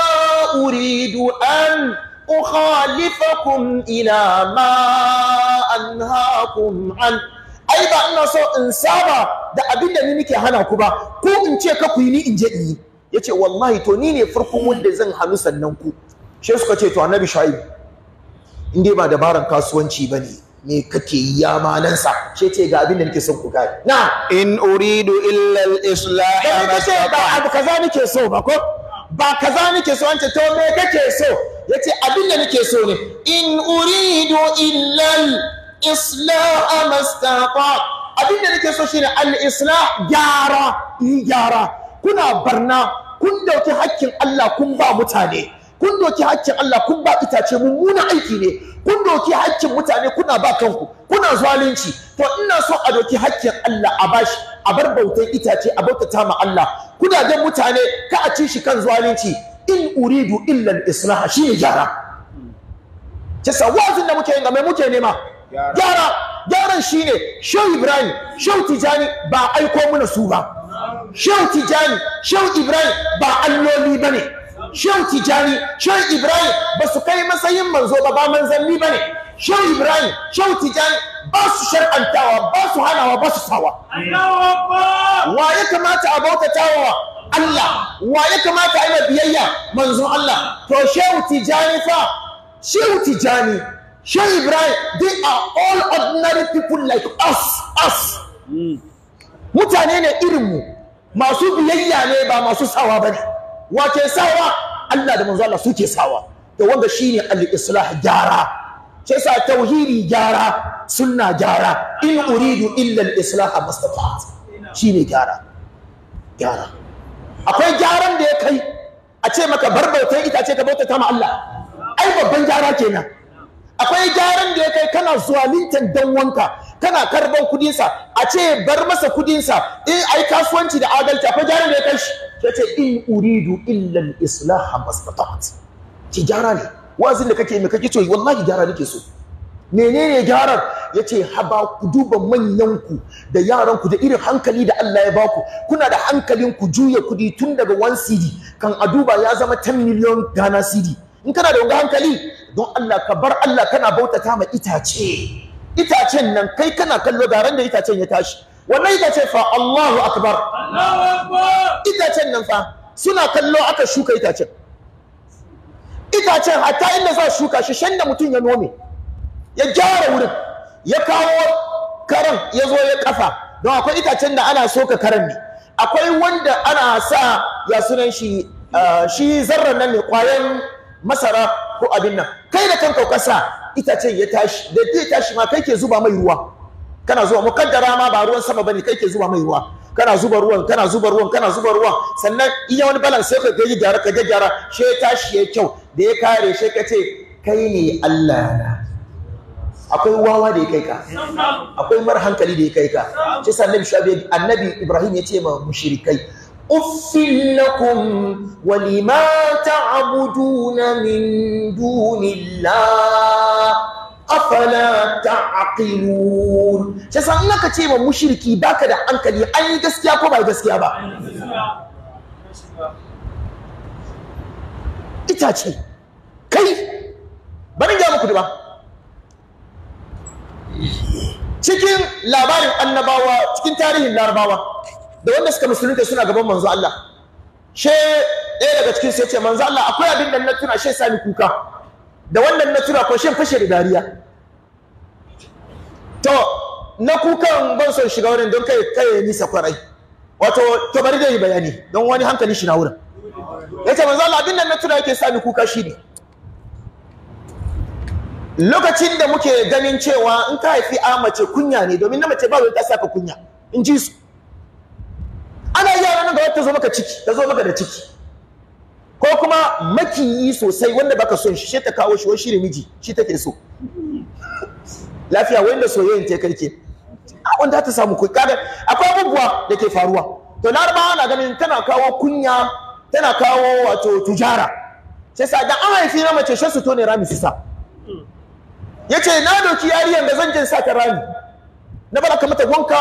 uridu an ukhalifakum ila ma anhaakum an ai ba ina so in saba da abin da ni nake hana ku ba ko in ce ka ku yi ni in je in yi yace wallahi to ni ne farkon wanda zan hannu sannan ku shi suka ce to annabi shu'aib in dai ba dabaran kasuwanci ba ne, me kake ya malansa shi ce ga abin da nake son ku gani na in uridu illa al-islah eh, ma ba abu kaza nake so ba ko ba kaza nake so an ce to me kake so yace abin da nake so ne in uridu illa al-islah abin da nake so shine al-islah gyara in gyara kuna barna kun dauki hakkin Allah kun ba mutane kun doki haƙƙin Allah kun ba itace mummuna aiki ne kun doki haƙƙin mutane kuna ba kanku kuna zalunci to ina so a doki haƙƙin Allah a bashi a bar bautan itace a bautata ma Allah ga mutane ka a ci shi kan zalunci in uridu illa al islah shi ne gyara sa wazin da muke yin ga mai muke nema gyara gyaran shine shehu ibrahim shehu tijani ba aiko muna su ba shehu tijani shehu ibrahim ba alloli bane shehu tijani shehu ibrahim ba su kai matsayin manzo ba ba manzanni ba ne shehu ibrahim shehu tijani ba su shar'antawa ba su hanawa ba su sawa wa ya kamata a bauta tawawa Allah wa ya kamata a yi biyayya Manzo Allah to shehu tijani fa shehu tijani shehu ibrahim they are all ordinary people like us us hmm. mutane ne irinmu masu biyayya ne ba masu sawa ba ne wa ke sawa Allah da manzo Allah suke sawa to wanda shine al-islah gyara shi sa tauhidi gyara sunna gyara in uridu illa al-islah mastata'at shine gyara gyara akwai gyaran da ya kai a ce maka bar ita itace ka ta ma Allah ai babban gyara kenan akwai gyaran da ya kai kana zaluntan dan wanka kana karban kudinsa a ce bar masa kudinsa in ai kasuwanci da adalci akwai gyaran da ya kai shi yace in uridu illa islaha masbatat Ki gyara ne wazin da kake mai kake so wallahi gyara nake so menene gyarar yace haba ku duba manyanku da yaranku da irin hankali da Allah ya baku kuna da hankalin ku juya kudi tun daga 1 CD kan a duba ya zama 10 million Ghana CD in kana da wanga hankali don Allah ka bar Allah kana bautata ma itace itacen nan kai kana kallo garan da itacen ya tashi wannan ita ce fa Allahu akbar Allahu akbar itacen nan fa suna kallo aka shuka itacen itacen hatta inda za shuka shi shan da mutum ya nome ya gyara wurin ya kawo karan ya zo ya kafa don akwai itacen da ana soka karan ne akwai wanda ana sa ya sunan shi ah, shi zarran nan ne kwayan masara ko abin nan kai da kanka kasa ita itacen ya tashi da ya tashi ma kai ke zuba mai ruwa kana zuwa mukaddara ma ba ruwan sama bane kai ke zuwa mai ruwa kana zuba ruwan kana zuba ruwan kana zuba ruwan sannan iya wani balan sai ka ga gyara ka gyara she tashi ya kyau da ya kare she ka ce kai ne Allah na akwai wawa da ya kai ka akwai mara hankali da ya kai ka shi sa annabi shabi annabi Ibrahim ya ce ma mushrikai uffil lakum wa lima ta'buduna min dunillah afala ta'qilun sai san in ka ce ma mushriki baka da hankali an yi gaskiya ko ba gaskiya ba Ita ce. kai bari ga muku ba cikin labarin annabawa cikin tarihin larabawa da wanda suka musulunta suna gaban manzo Allah she ɗaya daga cikin sai ce manzo Allah akwai abin da na tuna she sani kuka da wannan na tura ko shin fashe da dariya to na kukan ban son shiga wurin don kai kai nisa kwarai wato to bari yi bayani don wani hankali shi na wurin yace manzo Allah abin nan na tura yake sami kuka shi ne lokacin da muke ganin cewa in ka haifi a mace kunya ne domin na mace ba wani ta saka kunya in ji su ana yi yara nan ga wata zo maka ciki ta zo maka da ciki ko kuma makiyi sosai wanda baka son shi shi ta kawo shi wani shi miji shi take so lafiya wanda soyayyen ta kai ke wanda ta samu kuɗi kaga akwai abubuwa da ke faruwa to Laraba na ganin tana kawo kunya tana kawo wato tujara sai sa da an haifi na mace shi su tone rami su sa yace na doki yariyan da zan jin sa ta rami na baraka mata wanka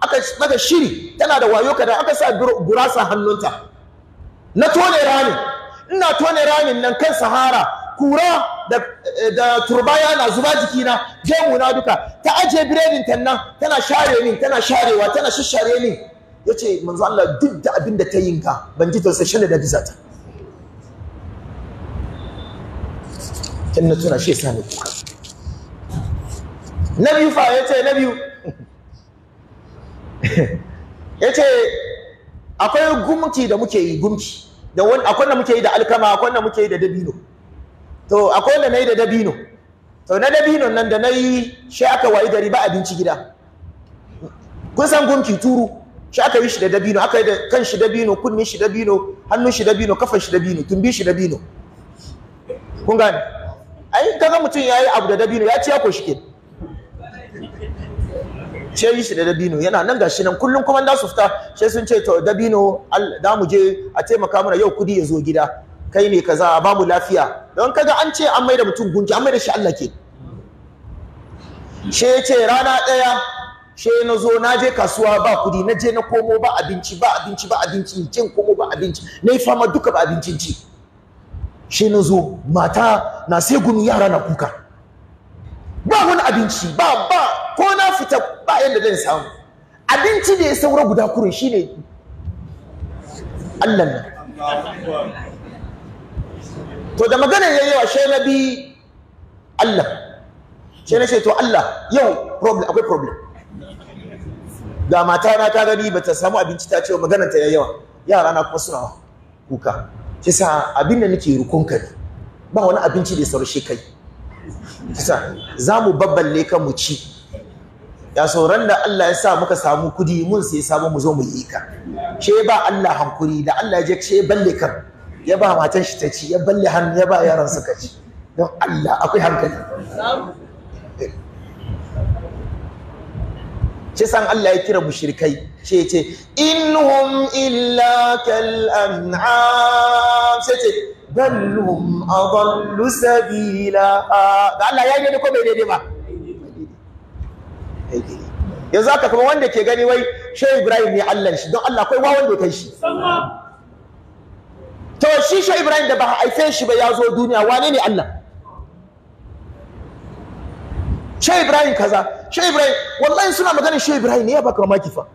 aka mata shiri tana da wayo kada aka sa gurasa hannunta na tone ramin ina tone ramin nan kan sahara kura da turbaya na zuba jikina jemu na duka ta aje biredin ta nan tana share min tana sharewa tana shishare min yace manzo Allah duk da abin da ta yinka ban ji tausashin da bisa ta na tuna shi yasa ne kuka na biyu fa ce na biyu ce akwai gumki da muke yi gumki da wani akwai da muke yi da alkama akwai da muke yi da dabino to akwai da nayi da dabino to na dabino nan da nayi shi aka wayi gari ba abinci gida kun san gumki turu shi aka yi shi da dabino aka yi da kan shi dabino kunni shi dabino hannun shi dabino kafan shi dabino tumbi shi dabino kun gane ai kaga mutum yayi abu da dabino ya ci ya koshi kenan she shi da dabino yana nan gashi nan kullum kuma da su fita she sun ce to dabino da mu je a taimaka mana yau kudi ya zo gida kai ne kaza a bamu lafiya don kaga an ce an maida mutum gunki an maida shi Allah ke she ce rana daya she na zo na je kasuwa ba kudi na je na komo ba abinci ba abinci ba abinci kin komo ba abinci na fama duka ba abincin ci she na zo mata na sai gumi yara na kuka ba wani abinci ba ba ko na fita ba yadda zan samu abinci da ya saura guda kurin shi ne Allah ne to da magana ya yi yawa shi na bi Allah shi na ce to Allah yau problem akwai problem ga mata na ta gani bata samu abinci ta ce magana ta yawa yara na kuma suna kuka shi sa abin da nake rukunka ne ba wani abinci da ya saurashe kai sa za mu babballe kan mu ci ya sauran da Allah ya sa muka samu kudi mun sai samu mu zo mu yi ka she ba Allah hankuri da Allah ya je she balle kan ya ba matan shi ta ci ya balle hannu ya ba yaran suka ci don Allah akwai hankali She san Allah ya kira mushrikai she ya ce innahum illa kal an'am sai ce bal hum adallu sabila ah, da Allah ya yi ne ko bai daidai ba kai yanzu aka kuma wanda ke gani wai shehu ibrahim ne allah shi don allah akwai wawan da kai shi to shi shehu ibrahim da ba a haife shi ba ya zo duniya wane ne allah shehu ibrahim kaza shehu ibrahim wallahi suna maganin shehu ibrahim ne ya baka mamaki fa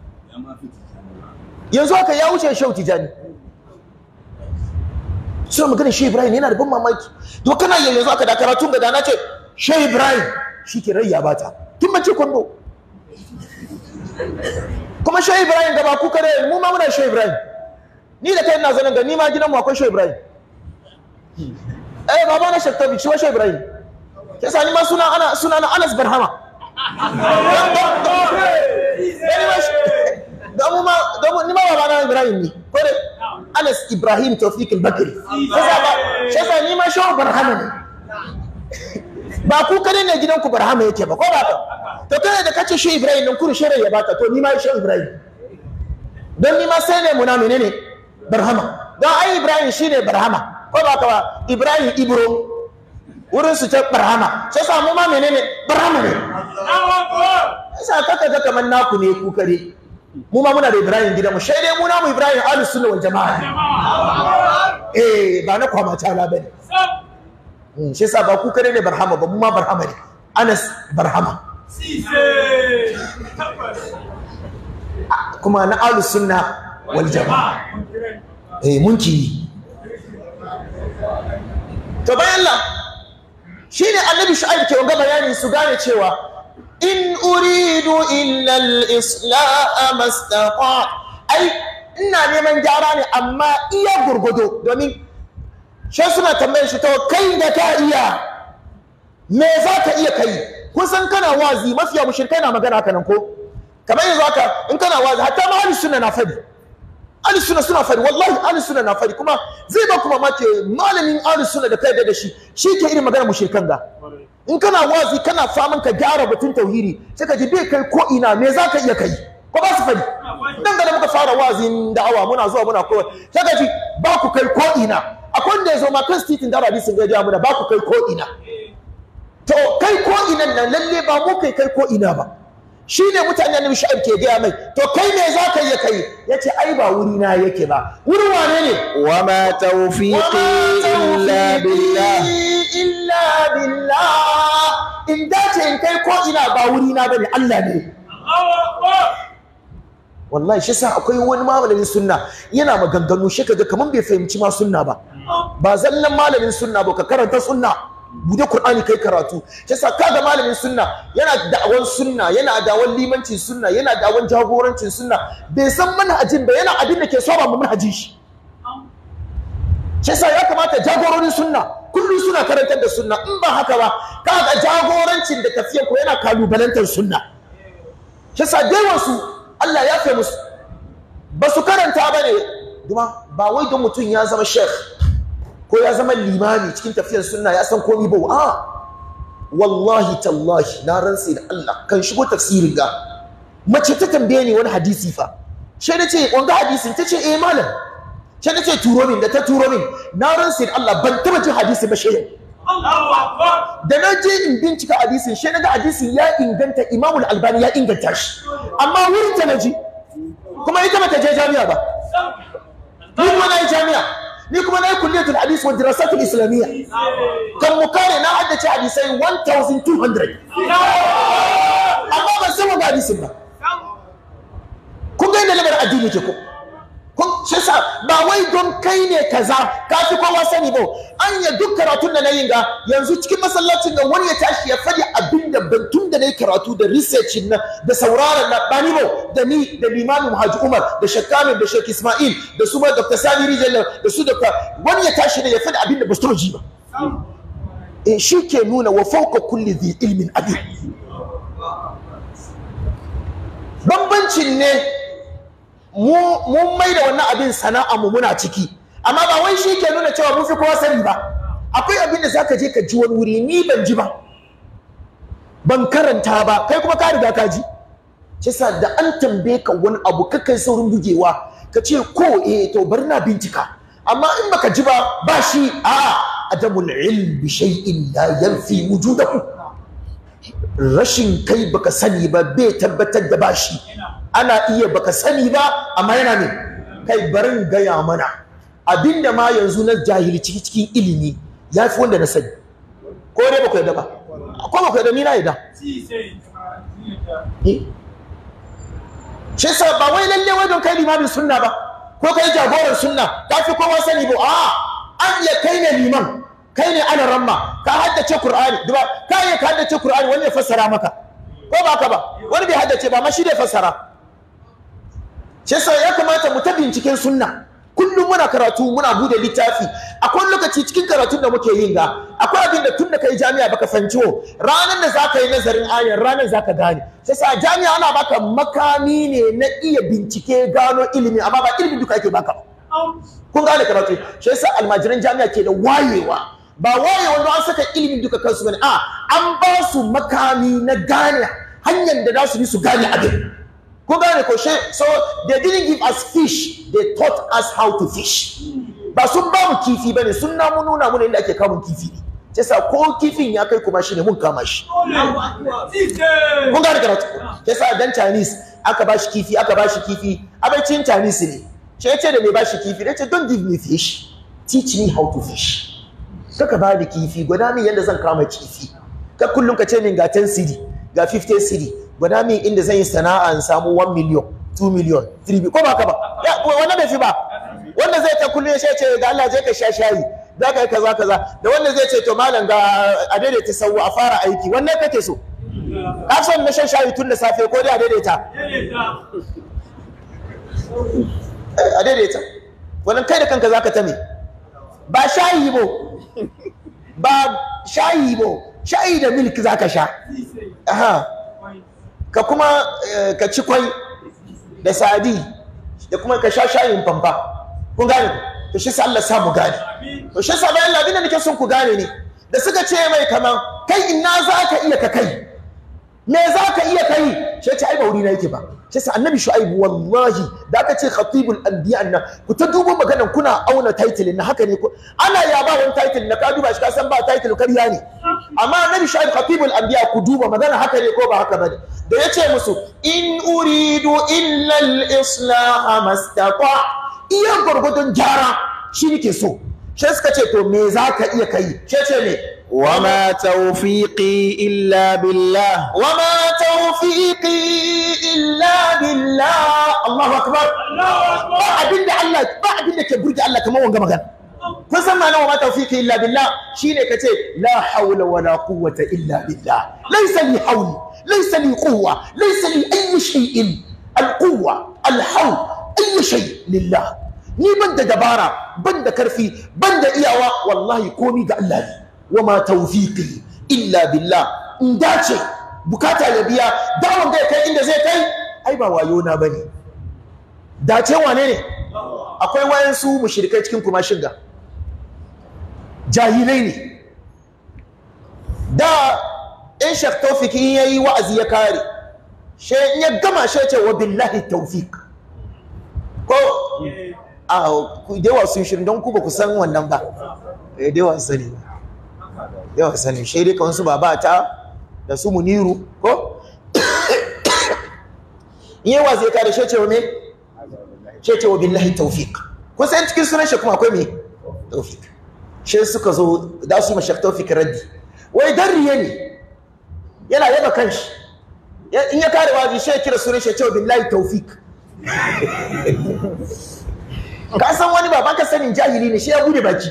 yanzu aka ya wuce shehu tijani suna maganin shehu ibrahim yana da ban mamaki to kana yanzu aka da karatun ga na ce shehu ibrahim shi ke rai ya bata tun mace kwando kuma shehu ibrahim gaba kuka da mu ma muna shehu ibrahim ni da kai ina zanen ga ni ma mu akwai shehu ibrahim eh baba na shaktabi shi ma shehu ibrahim ke sani ma suna ana suna na anas barhama Da mu ma da mu ni ma baba na ibrahim ne ko dai anas ibrahim tawfiq al-bakri sai sa ma shehu barhama ne ba ku kare ne gidan ku barhama yake ba ko ba ka to kada da kace shi Ibrahim din kuru shirya ya baka to ni ma shi Ibrahim don ni ma sai ne muna menene barhama don ai Ibrahim shine barhama ko ba ka ba Ibrahim Ibro wurin su ta barhama sai sa mu ma menene barhama ne Allahu Akbar sai ka ga kaman naku ne ku kare mu ma muna da Ibrahim gidan mu sai mu na mu Ibrahim ahlus wal jamaa eh ba na kwama ta la bane Hmm, shi yasa ba ku kare ne barhama ba mu ma barhama ne anas barhama ah, kuma na alu sunna wal jama'a eh munki to bayan Allah shine annabi shu'aib ke wanga bayani su gane cewa in uridu illa al-isla'a mastata ai ina neman gyara ne amma iya gurgudo domin shi suna tambayar shi to kai da ka iya me za ka iya kai kun san kana wazi mafiya mushrikai na magana haka nan ko kamar yanzu haka in kana wazi hatta ma ahlus sunna na fadi ahlus sunna suna fadi wallahi ahlus sunna na fadi kuma zai ba kuma mace malamin ahlus sunna da kai da shi shi ke irin magana mushrikan ga in kana wazi kana faman ka gyara batun tauhiri sai ka ji bai kai ko ina me za ka iya kai ko ba su fadi Nan da muka fara wazin da'awa muna zuwa muna kowa sai ka ji ba ku kai ko ina akwai da ya zo ma kan titin da rabi sun gaja muna ba kai ko'ina. ina to kai ko ina nan lalle ba mu kai kai ko ba shi ne mutanen annabi ke gaya mai to kai me za ka yi kai ya ce ai ba wuri na yake ba wuri wane ne wa ma tawfiqi illa billah illa billah in dace in kai ko'ina ba wuri na bane Allah ne wallahi shi yasa akwai wani malamin sunna yana maganganu shi kaga kaman bai fahimci ma sunna ba ba zallan malamin sunna ba ka karanta sunna bude Qur'ani kai karatu shi yasa kaga malamin sunna yana da'awan sunna yana da'awan limancin sunna yana da'awan jagorancin sunna bai san manhajin ba yana abin da ke saba mu manhajin shi shi yasa ya kamata jagororin sunna kullum suna karantar da sunna in ba haka ba kaga jagorancin da tafiyar ko yana kalubalantar sunna shi yasa wasu Allah ya fi musu ba su karanta ba ne duma ba wai don mutum ya zama sheikh ko ya zama limami cikin tafiyar suna ya san komi ba a wallahi tallahi na rantse da Allah kan shigo tafsirin ga mace ta tambaye ni wani hadisi fa she na ce wanga hadisin ta ce eh malam she na ce turo min da ta turo min na rantse da Allah ban taba ji hadisi ba shehu da na je in bincika hadisin shi ga hadisin ya inganta imamul albani ya inganta shi amma wurin ta na ji. kuma ita bata je jami'a ba ni kuma na yi jami'a ni kuma na yi kulliyatul hadis wa dirasatul islamiyya kan mu kare na haddace hadisai 1200 amma ban san wannan hadisin ba kun ga inda labar addini ke ko kun shi ba wai don kai ne kaza ka fi kowa sani ba an yi duk karatun da na yi ga yanzu cikin masallacin da wani ya tashi ya faɗi abin da bantun da na yi karatu da research na da sauraron na ba ni ba da ni da limamin Haji Umar da Shakkami da Sheikh Ismail da su ma Dr. Sani Rijal da su Dr. wani ya tashi ne ya faɗi abin da ba su ba eh shi ke nuna wa fauka kulli zai ilmin abin. bambancin ne mun mai da wannan abin sana'a mu muna ciki amma ba wai shi ke nuna cewa mun fi kowa sani ba akwai abin da zaka je ka ji wani wuri ni ban ji ba ban karanta ba kai kuma ka riga ka ji shi yasa da an tambaye ka wani abu kai saurin bugewa ka ce ko eh to bari na bincika amma in baka ji ba ba shi a adamul ilm bi shay'in la yanfi wujudahu rashin kai baka sani ba bai tabbatar da ba bashi ana iya baka sani ba amma yana ne kai barin gaya mana abinda ma yanzu na jahilci cikin ilimi ya fi wanda na sani ko dai ba ku yadda ba ko ba ku yadda ni na yadda eh? shi sa ba wai lalle wai don kai limamin sunna ba ko kai jagoran sunna ka fi kowa sani ba a an ya kai ne liman kai ne ana ramma ka haddace qur'ani duba ka yi ka haddace qur'ani wani ya fassara maka ko ba ka ba wani bai haddace ba ma shi dai fassara shi ya kamata mu ta binciken sunna kullum muna karatu muna bude littafi akwai lokaci cikin karatun da muke yin ga akwai abin da tun da kai jami'a baka san ciwo ranar da zaka yi nazarin ayar ranar zaka gane sai sa jami'a ana baka makami ne na iya bincike gano ilimi amma ba ilimi duka ake baka kun gane karatu almajiran jami'a ke da wayewa ba wayewa don an saka ilimi duka kansu bane a an ba su makami na gane hanyar da za su bi su gane abin Go back and crochet. So they didn't give us fish, they taught us how to fish. Ba sun bam kifi bane, some na mu nuna mu like inda ake kamun kifi. Ce sa ko kifin ya kai kuma shi ne mun kama shi. Mun gane karatu. Ce sa dan Chinese aka ba shi kifi, aka ba shi kifi, abincin Chinese ne. Ce ce da mai ba shi kifi, ce don't give me fish, teach me how to fish. Kaka ba kifi, gwada min yadda zan kama kifi. Ka kullum ka ce min ga 10 cedi, ga 50 cedi, gwada min inda zan yi sana'a in samu 1 million 2 million 3 ko ba ka ba wannan bai fi ba wanda zai ta kullum ya ce da Allah je ka sha shayi za ka yi kaza kaza da wanda zai ce to malam ga a daidaita sauwa a fara aiki wannan kake so ka san na shan shayi tun da safe ko dai a daidaita a daidaita wannan kai da kanka za ka ta me ba shayi bo ba shayi bo shayi da milk za ka sha aha ka kuma eh, ka ci kwai da sadi da kuma ka sha shayin famfa kun gane to shi Allah sa mu gane to shi sa bayan labin da nake son ku gane ne da suka ce mai kaman kai inna za ka iya ka kai me za ka iya kai shi ce ai bauri na yake ba shi sa annabi shu'aib wallahi da aka ce khatibul anbiya anna ku ta dubo maganan kuna auna title na haka ne ana ya ba wani title na ka duba shi ka san ba title kariya ne amma annabi shu'aib khatibul anbiya ku duba magana haka ne ko ba haka bane da yace musu in uridu illa al-islah mastata iya gurgudun jara shi nake so sai suka ce to me za ka iya kai sai ce me wama tawfiqi illa billah wama tawfiqi illa billah Allahu akbar Allahu akbar ba abinda Allah ba abinda ke burge Allah kamar wanga magana kun san ma nawa ma tawfiqi illa billah shine kace la hawla wala quwwata illa billah laysa li hawli laysa li quwwa laysa li ayyi shay'in al quwwa al hawl ayyi shay lillah ni ban da dabara ban da karfi ban da iyawa wallahi komi ga Allah ne wama tawfiqi illa billah in dace bukata ya biya dawon da ya kai inda zai kai ai ba wayo na bane dace wane ne akwai wayansu mushrikai cikin kuma ga. jahilai ne da in shek taufik in ya yi wa'azi ya kare she in ya gama she ce wa billahi taufik ko ah, a dewa sun shirin don ku kusan san wannan ba eh dewa sani yawa sani she dai kawansu ba baba ta da su muniru ko in yi wa'azi ya kare she ce wa me she ce wa billahi taufik kun san cikin sunan shi kuma akwai me taufik she suka zo da su mashakta fikiradi wai dan riye ne yana yaba kanshi in ya kare wajibi she kira sunan ya ce, billahi tawfik ka san wani ba ka sanin jahili ne shi ya bude baki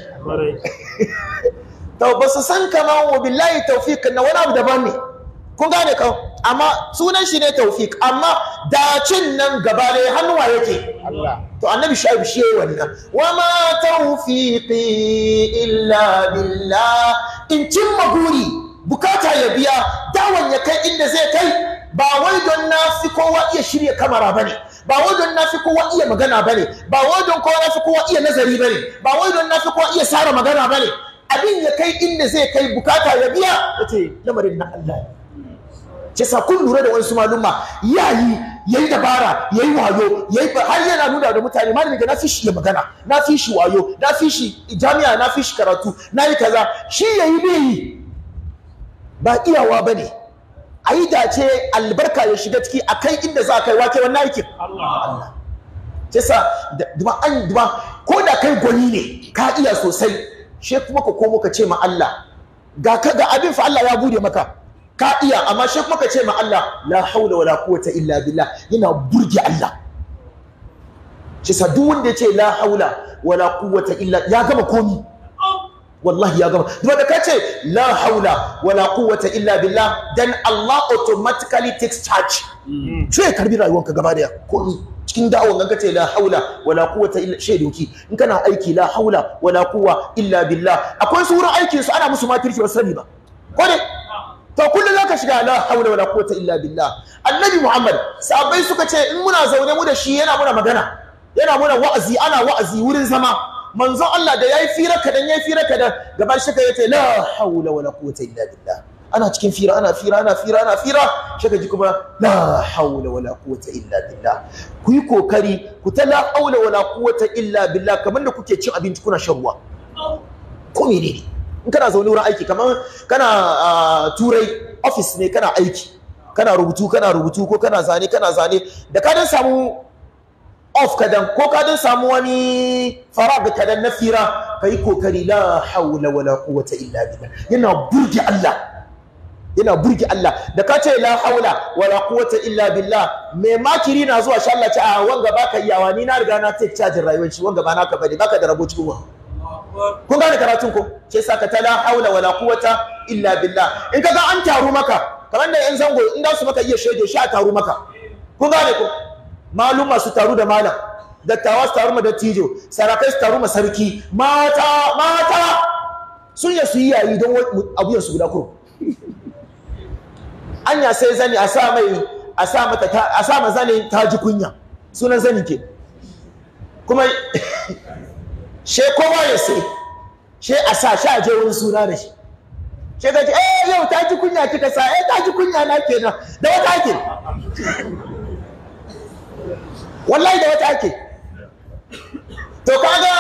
to ba su san kaman wa billahi tawfik na wani abu daban ne kun gane kan amma sunan shi ne tawfiq amma dacin nan gaba da hannuwa yake to annabi shu'aib shi yayi wannan wa ma tawfiqi illa billah in cin maguri bukata ya biya dawon ya kai inda zai kai ba wai don na fi kowa iya shirya kamara bane ba wai don na fi kowa iya magana bane ba wai don kowa na fi kowa iya nazari bane ba wai don na fi kowa iya sara magana bane abin ya kai inda zai kai bukata ya biya ce lamarin na Allah ne ce sa kun lura da wasu malumma yayi yayi dabara yayi wayo yayi har yana nuna da mutane malami ga na fi shi magana na fi shi wayo na fi shi jami'a na fi shi karatu na yi kaza shi yayi ne ba iyawa bane ayi dace albarka ya shiga ciki akai inda za kai wake wannan aikin Allah Allah ce sa duba an duba ko da kai gwani ne ka iya sosai she kuma ka komo ka ce ma Allah ga ka ga abin fa Allah ya bude maka ka iya amma shi kuma ka ce ma Allah la haula wala quwwata illa billah yana burge Allah shi sa duk wanda ya ce la haula wala quwwata illa ya gama komi wallahi ya gama duk da ka ce la haula wala quwwata illa billah then Allah automatically takes charge mm-hmm. sai karbi rayuwanka gaba da komi cikin da'awan ka ce la haula wala quwwata illa shedunki in kana aiki la haula wala quwwa illa billah akwai su wurin aikin su ana musu makirci ba sani ba ko dai to kullum zaka shiga la haula wala quwwata illa billah annabi muhammad sabai suka ce in muna zaune mu da shi yana muna magana yana muna wa'azi ana wa'azi wurin zama manzon Allah da yayi fira kadan yayi fira kadan gaban shi kai yace la haula wala quwwata illa billah ana cikin fira ana fira ana fira ana fira shaka ji kuma la haula wala quwwata illa billah ku yi kokari ku ta la haula wala quwwata illa billah kamar da kuke cin abinci kuna shan ruwa ko menene kana zaune wurin aiki kamar kana turai office ne kana aiki kana rubutu kana rubutu ko kana zane kana zane da ka dan samu off kadan ko ka dan samu wani farab kadan na fira kai kokari la haula wala quwwata illa billah yana burge Allah yana burge Allah da ka ce la haula wala quwwata illa billah me makiri na zuwa sha Allah ce a wanga baka iyawa ni na riga na take charge rayuwar shi wanga ba naka bane baka da rabo cikin kun gane karatun ko shi sa ka tala haula wala quwwata illa billah in kaga an taru maka kamar da yan zango in da su maka iya shege shi a taru maka kun gane ko maluma su taru da malam dattawa su taru ma dattijo sarakai su taru ma sarki mata mata sun yi su yi yayi don abuyan su guda kuro anya sai zani a sa mai a sa mata a sa ma zani ta ji kunya sunan zani ke kuma she kowa ya sai she a sa shi a je wurin suna da shi she ta ce eh yau ta ji kunya kika sa eh ta ji kunya na kenan da wata ake wallahi da wata ake to kaga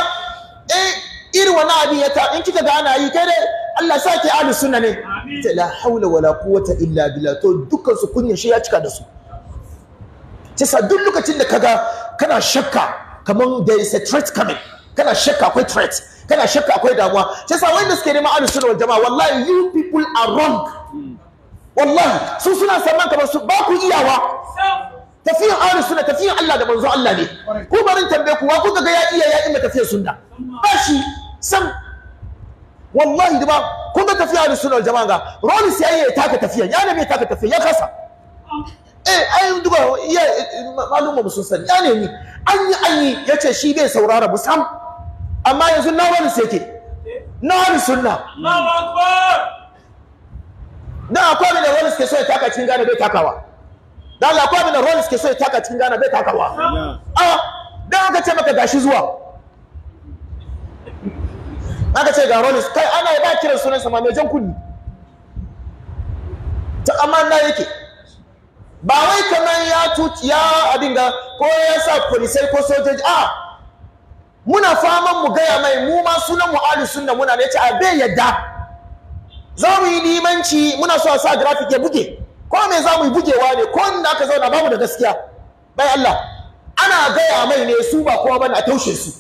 eh irin wani abin ya ta in kika ga ana yi kai dai Allah sa ke ahli sunna ne ta la haula wala quwwata illa billah to dukkan su kunya shi ya cika da su ta sa duk lokacin da kaga kana shakka kaman there is a threat coming kana shakka akwai threat kana shakka akwai damuwa sai sa wanda suke neman alu sunan jamaa wallahi you people are wrong wallahi su suna saman kamar su ba ku iyawa tafiyan alu suna tafiyan Allah da manzo Allah ne ku barin tambaye ku wa kuka ga ya iya ya imma tafiyan sunna ba shi sam wallahi da ba kun ga tafiya alu sunan jamaa ga rolis ya taka tafiyan ya ne bai taka tafiyan ya kasa eh ai duba iya eh, eh, malumma sun sani ya ne ni an yi an yi yace shi bai saurara musam amma yanzu na wani sake na wani sunna da akwai abin da wani suke so ya taka cikin gane bai takawa da Allah akwai abin da wani suke so ya taka cikin gane bai takawa a ah, da aka ce maka gashi zuwa aka ce ga Rollins kai ana ba kiran sunan sa ma mai jan kunni ta na yake ba wai kamar ya tuci ya abin ga ko ya sa polisai ko sojoji a ah, muna faman mu gaya mai mu ma sunan mu ahlus sunna muna ne ce a bai yadda za mu yi limanci muna so a sa graphic ya buge ko me za mu yi bugewa ne ko inda aka zauna babu da gaskiya bai Allah ana gaya mai ne su ba kowa bane a taushe su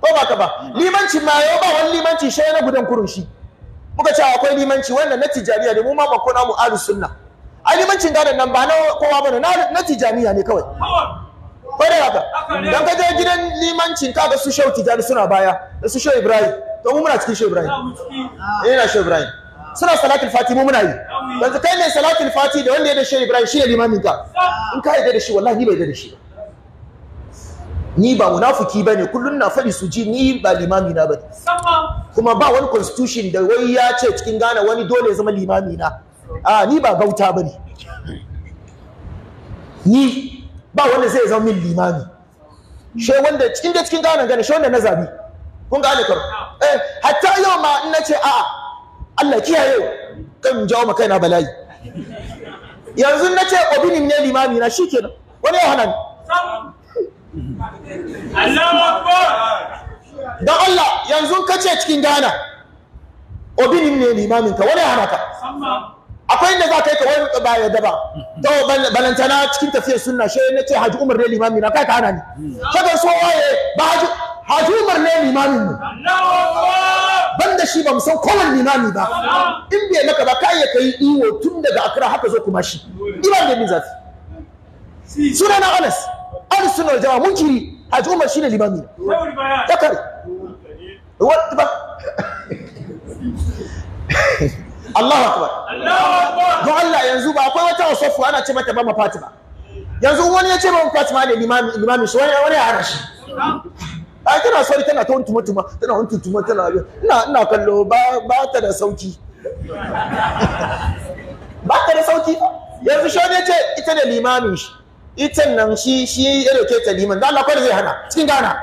ko ba ka ba limanci ma yau ba wani limanci shi na gudan kurun shi muka ce akwai limanci wannan na tijaniya ne mu ma ba na mu ahlus sunna a limancin gadan nan ba na kowa bane na tijaniya ne kawai kwarai haka dan ka je gidan limancin ka ga su shehu tijani suna baya da su shehu ibrahim to mu muna cikin shehu ibrahim eh na shehu ibrahim suna salatul fati mu muna yi yanzu kai ne salatul fati da wanda ya da shehu ibrahim shi ne limamin ka in ka yarda da shi wallahi bai yarda da shi ba ni ba munafiki bane kullun na fadi su ji ni ba limami na bane kuma ba wani constitution da wai ya ce cikin gana wani dole zama limami na a ah, ni ba gauta bane ni ba wanda zai zama min limami she wanda inda cikin gane gane she wanda na zabi kun gane karo eh hatta yau ma in nace a'a Allah kiyaye kan jawo maka kaina bala'i yanzu na ce ne limami na shikenan wani ya hana Allahu akbar da Allah yanzu ka ce cikin gana obinim ne limamin ka wani ya hana ka akwai inda za ka yi kawai ba ya daba to balantana cikin tafiyar sunna shi na ce haji umar ne limamin na kai ka hana ni kaga so waye ba haji haji umar ne limamin mu da shi ba mu san kowane limami ba in bai maka ba kai ya kai iwo tun daga akra haka zo kuma shi ina da min zafi suna na anas anas suna jama'a mun kiri haji umar shine limami takar ba Allah akbar don Allah yanzu ba akwai wata wasafu ana ce mata mama Fatima yanzu wani ya ce ba Fatima ne limami limami shi wani wani ya rashi shi kira sori sauri tana ta wuntu mutuma tana mutuma tana ina ina kallo ba ba ta da sauki ba ta da sauki yanzu shi ne ce ita ne limamin shi ita nan shi shi ya dauke ta liman da Allah kwai zai hana cikin gana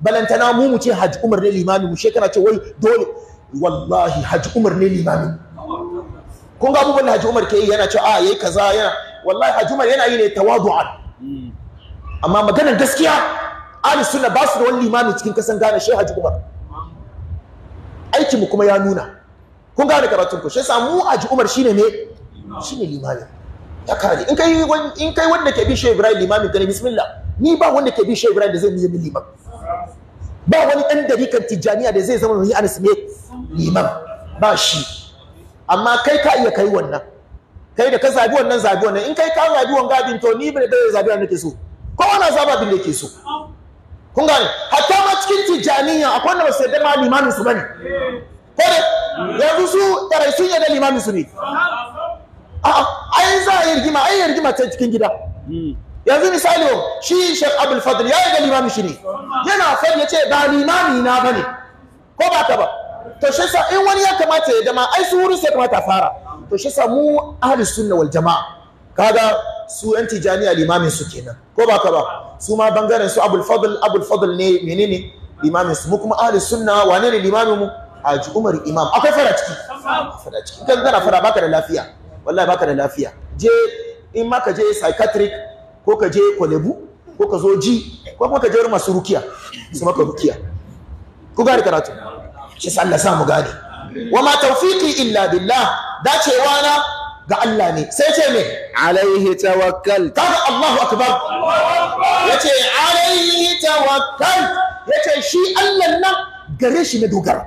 balantana mu mu ce Haji Umar ne limamin mu shekara ce wai dole wallahi Haji Umar ne limamin kun ga abubuwan da Haji Umar ke yi yana cewa a ah, yayi kaza yana wallahi Haji Umar yana yi ne tawadu'an amma maganar gaskiya ahli sunna ba su da wani limami cikin kasan Ghana shi Haji Umar aiki mu kuma ya nuna kun gane karatun ku shi yasa mu Haji Umar shine ne shine limami ya kare in kai in kai wanda ke bi Sheikh Ibrahim limami gani bismillah ni ba wanda ke bi Sheikh Ibrahim da zai yi min limami ba wani dan dariƙar tijjaniya da zai zama ni Anas ne limam ba shi amma kai ka iya kai wannan kai da ka zabi wannan zabi wannan in kai ka zabi wannan gabin to ni bai da zabi ke so ko na zaba abin da yake so kun gane hatta ma cikin tijaniya akwai wanda ba su yarda ma limamin su bane ko dai yanzu su ɗarai sun yarda limamin su ne a'a ai za a yi rigima ai rigima ta cikin gida yanzu misali shi shek abul fadl ya ga limamin shi ne yana fadl ya ce ba limami na bane ko ba ka ba to shi sa in wani ya kamata ya dama ai su wurin sai kamata fara to shi sa mu ahli sunna wal jamaa kaga su yan al limamin su kenan ko ba ka ba su ma bangaren su abul fadl abul fadl ne menene limamin su mu kuma ahli sunna wane ne limamin mu haji umar imam akwai fara ciki fara ciki kan kana fara baka da lafiya wallahi baka da lafiya je in ma ka je psychiatric ko ka je kwalebu ko ka zo ji ko kuma ka je masu rukiya su maka rukiya ku gari karatu shi sallah samu sa mu gane wa ma tawfiqi illa billah Da dacewa na ga Allah ne sai ce me alaihi tawakkal kaga Allahu akbar yace alaihi tawakkal yace shi Allah nan gare shi na dogara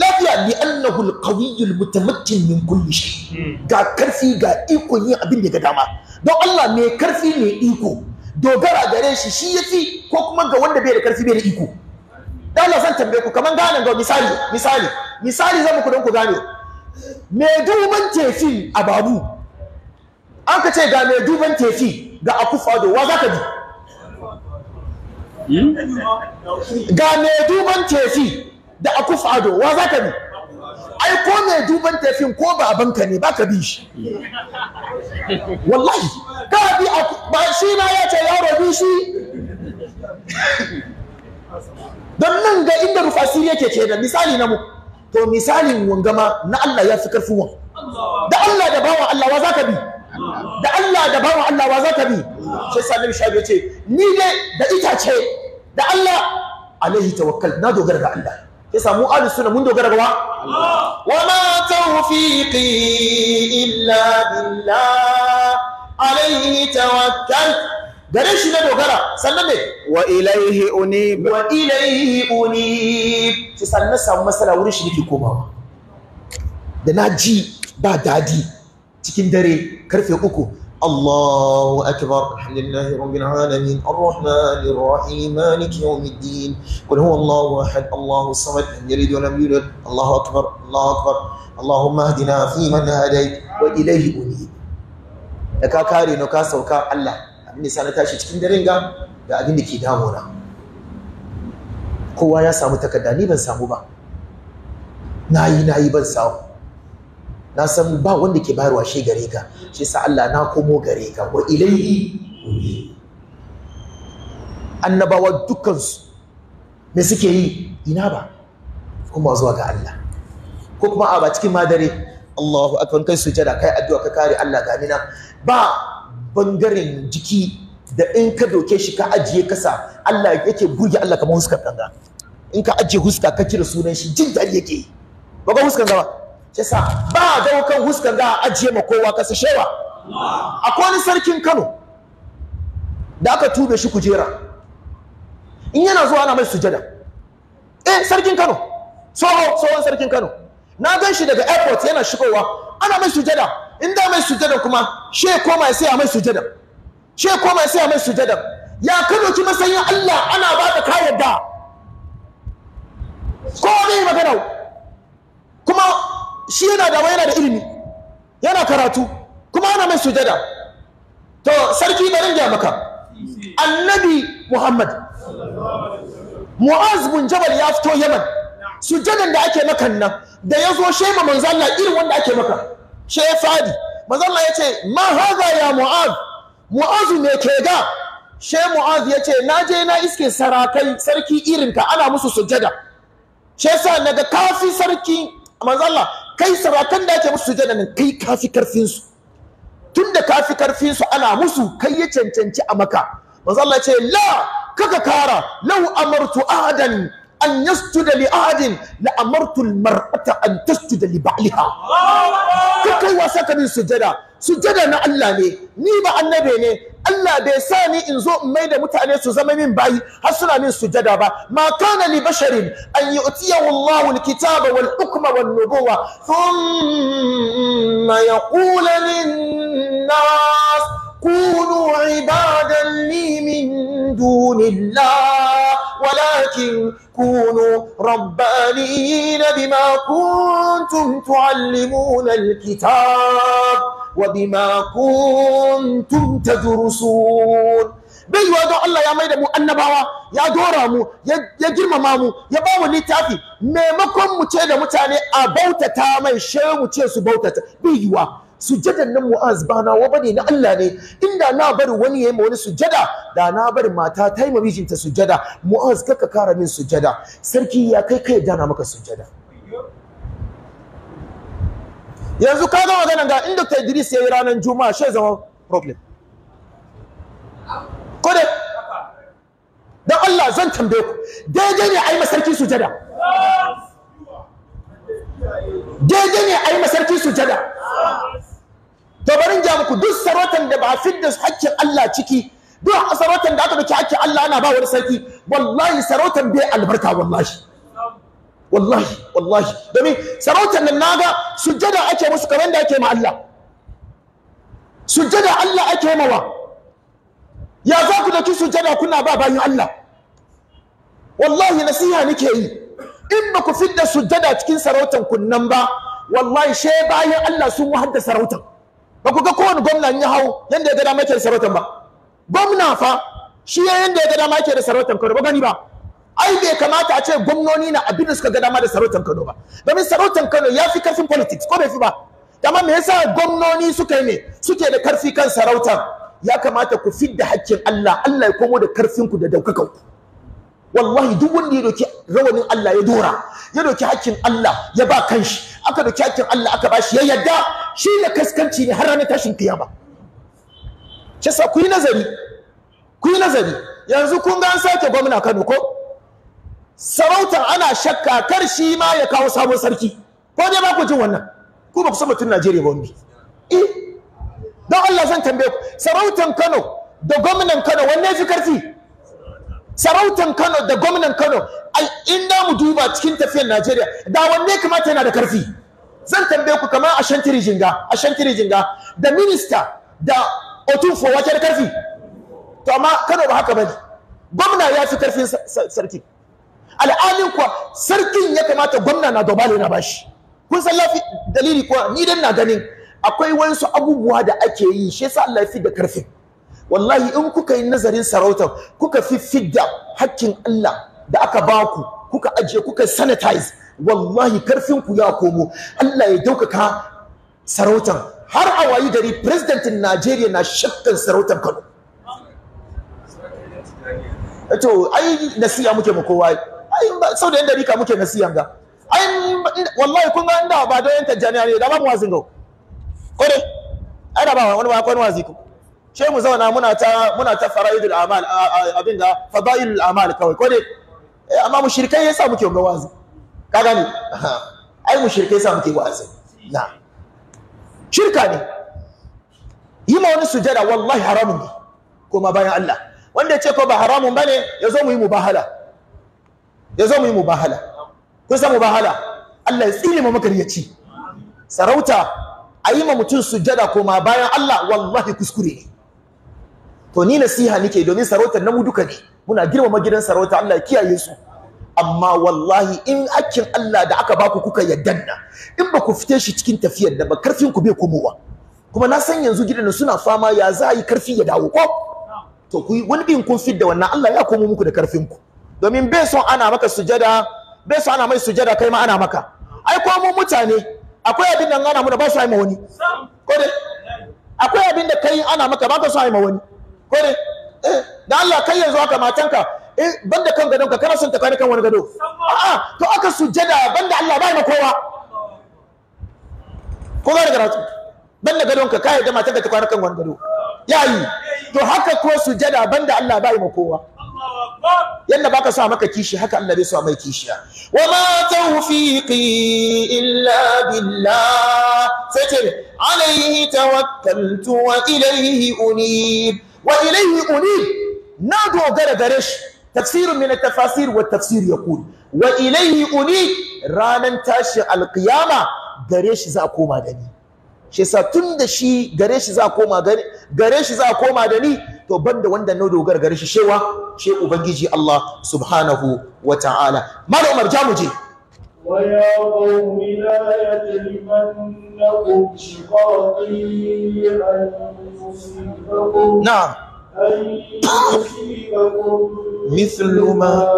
lafiya bi annahu alqawiyyul mutamakkin min kulli shay ga karfi ga iko yin abin da ga dama don Allah mai karfi mai iko dogara gare shi shi yafi ko kuma ga wanda bai da karfi bai da iko dala zan tambaye ku kaman ganin ga misali misali misali zan muku don ku gane me duban tefi a babu an ka ce ga me duban tefi ga akufado wa zaka bi hmm? ga me duban tefi da akufado wa zaka bi ai ko me duban tefin ko ba banka ne baka bi shi wallahi ka bi ba shi ma ya ce yaro bi shi don nan ga inda rufa asiri yake ce da misali na mu to misalin wangama na Allah ya fi karfin wa da Allah da bawa Allah wa zaka bi da Allah da bawa Allah wa zaka bi sai sanin shabi ce ni ne da itace da Allah alaihi tawakkal na dogara ga Allah sai samu ahlus sunna mun dogara ga wa wa ma tawfiqi illa billah alaihi tawakkal gare shi na dogara sannan ne wa ilaihi uni wa ilaihi uni sai sannan samu masala wurin shi nake komawa da na ji ba dadi cikin dare karfe uku Allahu akbar alhamdulillahi rabbil alamin arrahmanir rahim maliki yawmiddin qul Allahu ahad Allahu samad lam yalid wa lam yulad Allahu akbar Allahu akbar Allahumma hdina fi man hadayt wa ilayhi unib da ka kare no ka sauka Allah abin da na tashi cikin daren ga da abin da ke damuna kowa ya samu takarda ni ban samu ba na yi ban samu na san ba wanda ke bayarwa shi gare ka shi sa Allah na komo gare ka wa ilaihi annabawa dukkansu me suke yi ina ba kuma zuwa ga Allah ko kuma a ba cikin madare Allahu akbar kai sujada kai addu'a ka kare Allah ga ba bangaren jiki da in ka doke shi ka ajiye kasa Allah yake burge Allah kamar huskar ganga. in ka ajiye huska ka kira sunan shi jin daɗi yake yi ba ga huskan gaba shi sa. ba daukan huskan ga ajiye ma kowa kasa shewa akwai wani sarkin Kano da aka tube shi kujera in yana zuwa ana mai sujada eh sarkin Kano tsohon sarkin Kano na gan shi daga airport yana shigowa ana mai sujada in da mai sujada kuma she koma sai a mai sujada she koma sai a mai sujada ya ka doki masanin Allah ana ba ka ka yadda ko ne magana kuma shi yana da yana da ilimi yana karatu kuma ana mai sujada to sarki garin ya maka annabi Muhammad Mu'az bin Jabal ya fito Yaman sujadan da ake maka nan da yazo shema manzo Allah irin wanda ake maka ce ya fadi manzo ya ce ma haza ya mu'az mu'az ne ke ga she mu'az ya ce na je na iske sarakai sarki irinka ana musu sujada she sa naga kafi sarki a kai sarakan da ake musu sujada nan kai kafi karfin su tunda kafi karfin ana musu kai ya cancanci a maka mazalla ce la kaka kara lau amartu adan an yasjuda li ahadin la amartu al mar'ata an tasjuda li ba'liha kai wasa ka sujada sujada na Allah ne ni ba Annabi ne Allah bai sa ni in zo in mai da mutane su zama min bayi har suna min sujada ba ma kana li basharin an yu'tiyahu Allahu al-kitaba wal hukma wan nubuwa thumma na. كونوا عبادا لي من دون الله ولكن كونوا ربانين بما كنتم تعلمون الكتاب وبما كنتم تدرسون baiwa don Allah ya mai da mu annabawa ya dora mu ya girmama mu ya ba mu littafi maimakon mu ce da mutane a bautata mai shehu ce su bautata baiwa sujadan nan mu'az ba wa bane na Allah ne inda na bari wani yayi wani sujada da na bari mata ta yi mijinta sujada mu'az kaka kara min sujada sarki ya kai kai dana maka sujada yanzu ka ga maganan ga inda ta Idris yayi ranar Juma'a shi zama problem ko da dan Allah zan tambaye ku daidai ne ai masarki sujada daidai ne ai masarki sujada to barin ja muku duk sarautar da ba a fidda hakkin Allah ciki duk sarautar da aka dauki hakkin Allah ana ba wani sarki wallahi sarautar bai albarka wallahi wallahi wallahi domin sarautar nan naga sujjada ake musu kamar da ake ma Allah sujjada Allah ake mawa ya za ku dauki sujjada kuna ba bayan Allah wallahi nasiha nake yi in ba ku fidda sujjada cikin sarautar kunnan ba wallahi she bayan Allah sun wahar da sarautar ba ku ga kowane gwamna ya hau yanda ya ga dama yake da sarautan ba gwamna fa shi ya yadda ya ga dama yake da sarautan kano ba gani ba ai bai kamata a ce gwamnoni na abin da suka ga dama da sarautan kano ba domin sarautan kano ya fi karfin politics ko bai fi ba amma me yasa gwamnoni suka yi ne suke da karfi kan sarautan ya kamata ku fi da hakkin Allah Allah ya komo da karfin ku da daukakan ku wallahi duk wanda ya doki rawanin Allah ya dora ya doki hakkin Allah ya ba kanshi aka doki hakkin Allah aka ba shi ya yadda shi da kaskanci ne har ranar tashin kiyama ce sa ku yi nazari ku yi nazari yanzu kun ga an sake gwamna Kano ko sarautar ana shakka kar shi ma ya kawo sabon sarki ko dai ba ku jin wannan ku ba ku san mutum Najeriya ba wani E, eh, don Allah zan tambaye ku sarautar Kano da gwamnan Kano wanne ya fi karfi sarautan Kano da gwamnan Kano ai in mu duba cikin tafiyar Najeriya da wanne kamata yana da karfi zan tambaye ku kamar ashantiri jinga ashantiri jinga da minista da otufo wace karfi to amma kano ba haka ba ne. gwamna ya fi karfin sarki al'alin kuwa sarkin ya kamata gwamna na dobale na bashi kun san lafi dalili kuwa ni dan na ganin akwai wasu abubuwa da ake yi shi yasa Allah da karfi wallahi in kuka yi nazarin sarautar kuka fi fidda hakkin Allah da aka ba ku kuka ajiye kuka sanitize wallahi karfin ku ya komo Allah ya daukaka sarautan har a wayi gari presidentin Najeriya na shakkan sarautan Kano eh to ai nasiya muke mu kowa ai sau da yan ka muke nasiya ga ai wallahi kun ga inda ba da yan Tanzania ne da ba mu wazin ga ko dai ai da ba wani ba kwani wazi ku sai mu zauna muna ta muna ta fara'idul amal abinda fadailul amal kawai ko dai eh, amma mushrikai yasa muke ga wazi ka gane ai shirke sa muke wa'azi na shirka ne yi ma wani sujada wallahi haramun ne kuma bayan Allah wanda ya ce ko ba haramun bane ya zo mu yi mubahala ya zo mu yi mubahala kun san mubahala Allah ya tsire mu makaryaci sarauta a yi ma mutum sujada ma bayan Allah wallahi kuskure ne to ni nasiha nike domin sarautar namu duka ne muna girmama gidan sarauta Allah ya kiyaye su amma wallahi in akin Allah da aka baku kuka yaddanna in ba ku fite shi cikin tafiyar da ba karfin ku bai komowa kuma na san yanzu gidan suna fama ya za yi karfi ya dawo ko to ku wani bin kun da wannan Allah ya komo muku da karfin ku domin bai son ana maka sujada bai son ana mai sujada kai ma ana maka ai ko mu mutane akwai abin da ana muna ba su aima wani ko dai akwai abin da kai ana maka ba ka so aima wani ko dai eh da Allah kai yanzu haka matanka Eh, banda kan gadonka ka kana son ta kan wani gado a'a to aka sujjada banda Allah bai ma kowa ko ga karatu banda gadon ka kai da matan ka ta kan wani gado yayi to haka ko sujjada banda Allah bai ma kowa yadda baka sa maka kishi haka Allah bai sa mai kishiya wa ma tawfiqi illa billah sai ce alaihi tawakkaltu wa ilaihi unib wa ilaihi unib na dogara gare shi tafsirin na tafasir wa tafsir yaqul wa ilayhi uni ranan tashi alkiyama gare shi za a koma da ni shi tun da shi gare shi za a koma gare da ni to banda wanda na dogara gare shi shewa she ubangiji Allah subhanahu wa ta'ala mala umar jamuje ويا قوم لا يجرمنكم شقاقي أن يصيبكم نعم أن يصيبكم مثل ما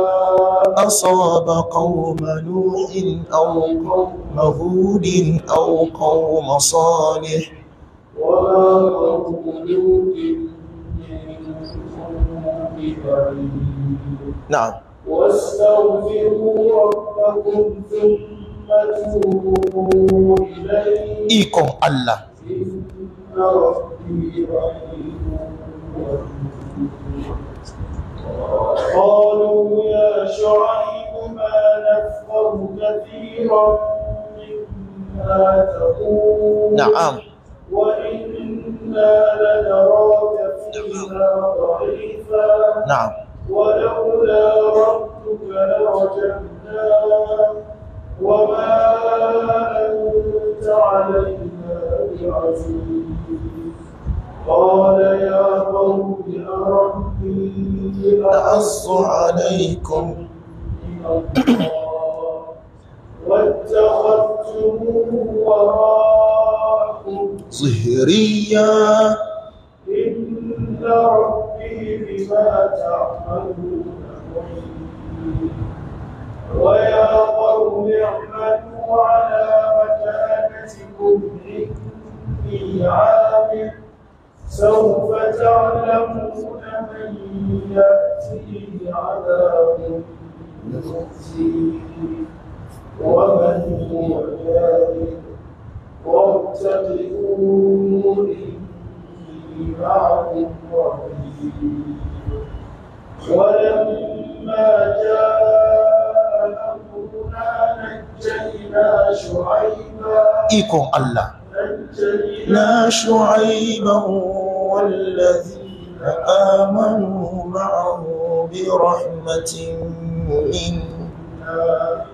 أصاب قوم نوح أو قوم هود أو قوم صالح وما قوم لوط نعم واستغفروا ربكم ثم توبوا إليه إيكم الله إن ربي رحيم قالوا يا شعيب ما نفقه كثيرا مما تقول نعم وإنا لنراك فينا ضعيفا نعم ولولا ربك لرجمناك وما أنت علينا بعزيز قال يا قوم ربي أعص عليكم واتخذتموه وراءكم ظهريا إن ربي بما تعملون ويا قوم اعملوا على مكانتكم إني عامل سوف تعلمون من يأتيه عذاب يخزيه ومن هو كاذب وارتقبوا في معكم رهيب ولما جاء أمرنا نجينا شعيبا إيكم الله لا شعيبا والذين آمنوا معه برحمة منا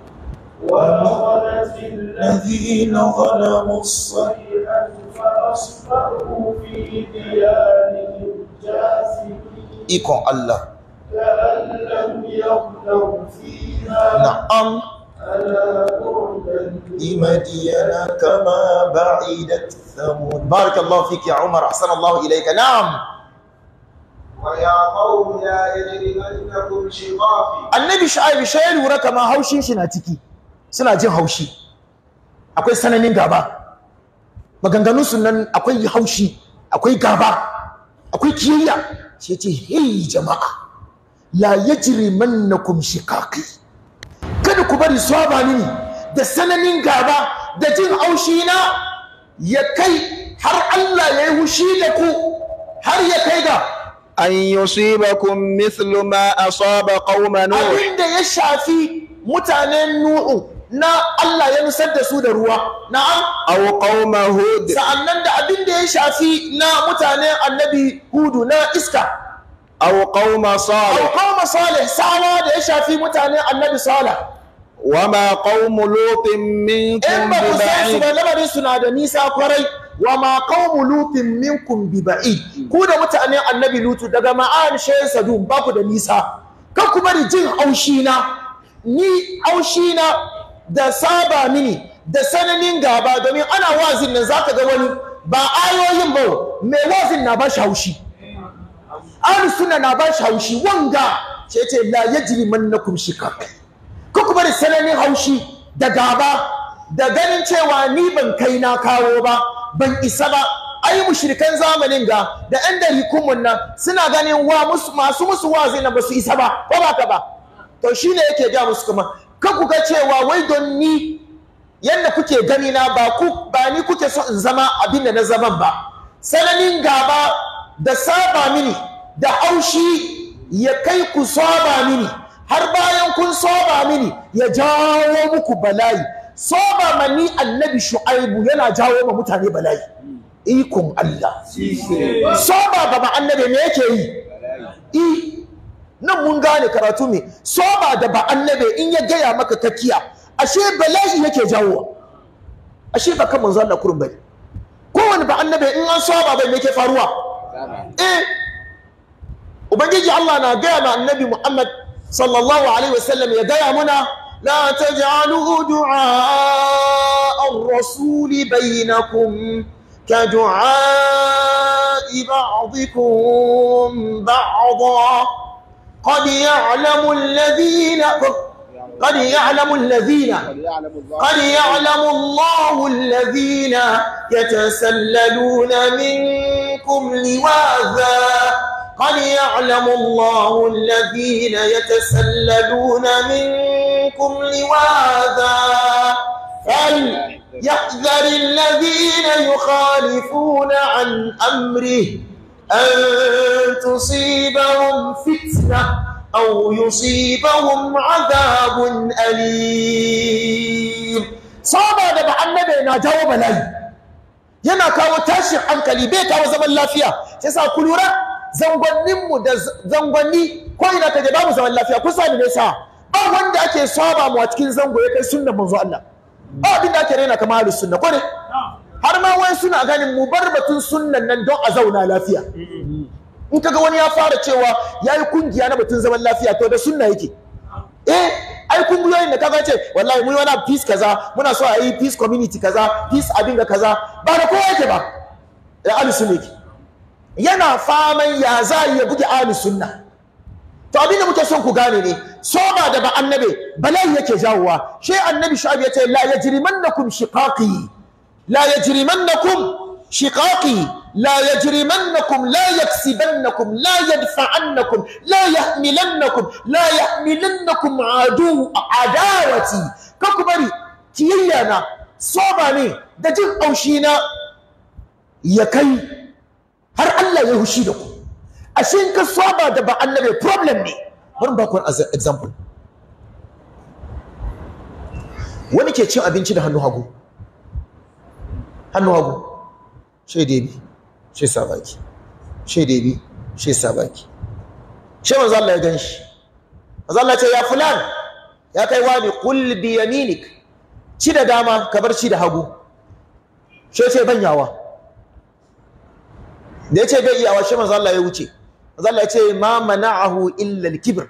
وأخذت الذين ظلموا الصيحة فأصبحوا في ديارهم جاثمين إيكو الله كأن لم يغنوا فيها نعم لمدين كما بعدت ثمود بارك الله فيك يا عمر أحسن الله إليك نعم ويا قوم لا يجرمنكم شقاقي النبي شعيب شايل ورا ما هاوشين شنا تiki suna jin haushi akwai sananin gaba maganganun sunan akwai haushi akwai gaba akwai kiyayya sai ce hey jama'a la yajrimannakum shiqaqi kada ku bari saba mini da sananin gaba da jin aushi na ya kai har Allah ya yi hushi da ku har ya kai ga an yusibakum mithlu ma asaba qauman nuh abinda ya shafi mutanen nuhu na Allah ya nusar da su da ruwa na'am aw qauma hud sa'annan da abinda ya shafi na mutanen annabi hudu na iska aw qauma salih aw qauma salih da ya shafi mutanen annabi salih wama qaumu lutin minkum bi ba'id ba lamarin suna da nisa kwarai wama qaumu lutin minkum bi ku da mutanen annabi lutu daga ma'an shayin sadum ba ku da nisa kan kuma bari jin haushi na ni haushi na da saba mini da sananin gaba domin ana wazin nan zaka ga wani ba ayoyin ba me wazin na ba haushi ahlus sunna na ba haushi wanga ce ce la yajri mannakum shikak ku sananin haushi da gaba da ganin cewa ni ban kai na kawo ba ban isa ba ai mushrikan zamanin ga da 'yan dalikunmu nan suna ganin wa masu musu wazi na ba su isa ba ko ba ka ba to shi ne yake ga musu kuma Ka ku ga cewa wai don ni yadda kuke gani na ba ku ba ni kuke so in zama abin da na zaman ba sananin gaba da saba mini da haushi ya kai ku saba mini har bayan kun soba mini ya jawo muku bala'i soba mani annabi shu'aibu yana jawo ma mutane bala'i ikon Allah soba ba ba annabi me yake yi i nan mun gane karatu me soba da ba annabi in ya gaya maka takiya ashe bala'i yake jawo ashe ba kan manzo Allah kurun bane kowane ba annabi in an soba bai me yake faruwa eh ubangiji Allah na gaya ma annabi Muhammad صلى الله عليه وسلم يا منى لا تجعلوا دعاء الرسول بينكم كدعاء بعضكم بعضا قد يعلم الذين قد يعلم الذين قد يعلم الله الذين يتسللون منكم لواذا قد يعلم الله الذين يتسللون منكم لواذا فليحذر الذين يخالفون عن أمره أن تصيبهم فتنة أو يصيبهم عذاب أليم صعب هذا annabi na jawo bala'i yana kawo tashin hankali bai kawo zaman lafiya sai sa zangonninmu da zangonni ko ina je babu zaman lafiya Kusa sani ne sa? ba wanda ake saba mu a cikin zango ya kai sunan manzo Allah ba abin da ake raina kamar ahlus sunna ko ne har ma wai suna ganin mu bar batun sunnan nan don a zauna lafiya in kaga wani ya fara cewa yayi kungiya na batun zaman lafiya to da sunna yake eh ai kungiyoyin da kaga ce wallahi mun wani peace kaza muna so a yi peace community kaza peace abin kaza ba da kowa yake ba da ahlus ne yake yana faman ya za ya buge ahli sunna to abin da muke son ku gane ne soba da ba annabi bala'i yake jawowa shi annabi shu'aib yace la yajrimannakum shiqaqi la yajrimannakum shiqaqi la yajrimannakum la yaksibannakum la yadfa'annakum la yahmilannakum la yahmilannakum adu adawati kaku bari kiyayyana na soba ne da jin aushi na ya kai har Allah ya hushi da ku ashe in ka saba da ba Allah bai problem ne bari ba ku an example wani ke cin abinci da hannu hagu hannu hagu She dai bi sai sabaki She dai bi sai sabaki she manzo Allah ya ganshi. manzo Allah ce ya fulan ya kai wani qul bi yaminik ci da dama ka bar ci da hagu She ce banyawa da ya ce bai iya washe manzo Allah ya wuce manzo Allah ya ce ma mana'ahu illa al-kibr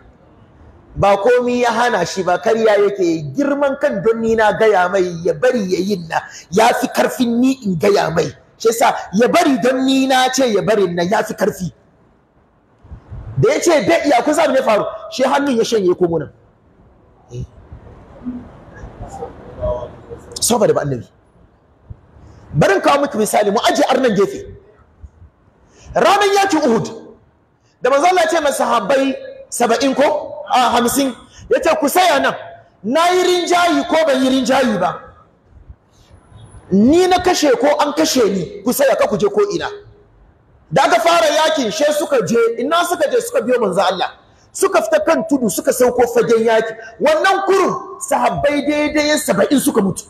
ba komi ya hana shi ba karya yake girman kan don ni na gaya mai ya bari ya yin na ya fi karfin ni in gaya mai shi yasa ya bari don ni na ce ya bari na ya fi karfi da ya ce bai iya kusa ne faru shi hannun ya shanye ko munan eh. saboda ba annabi barin kawo muku misali mu aje arnan gefe ranar yaki uhud da mazalla ce masu habai saba'in ko a hamsin ya ce ku saya nan na yi rinjayi ko ban yi rinjayi ba ni na kashe ko an kashe ni ku saya ka kuje ko ina da aka fara yakin she suka je ina suka je suka biyo manzo Allah suka fita kan tudu suka sauko fagen yaki wannan kurun sahabbai daidai saba'in suka mutu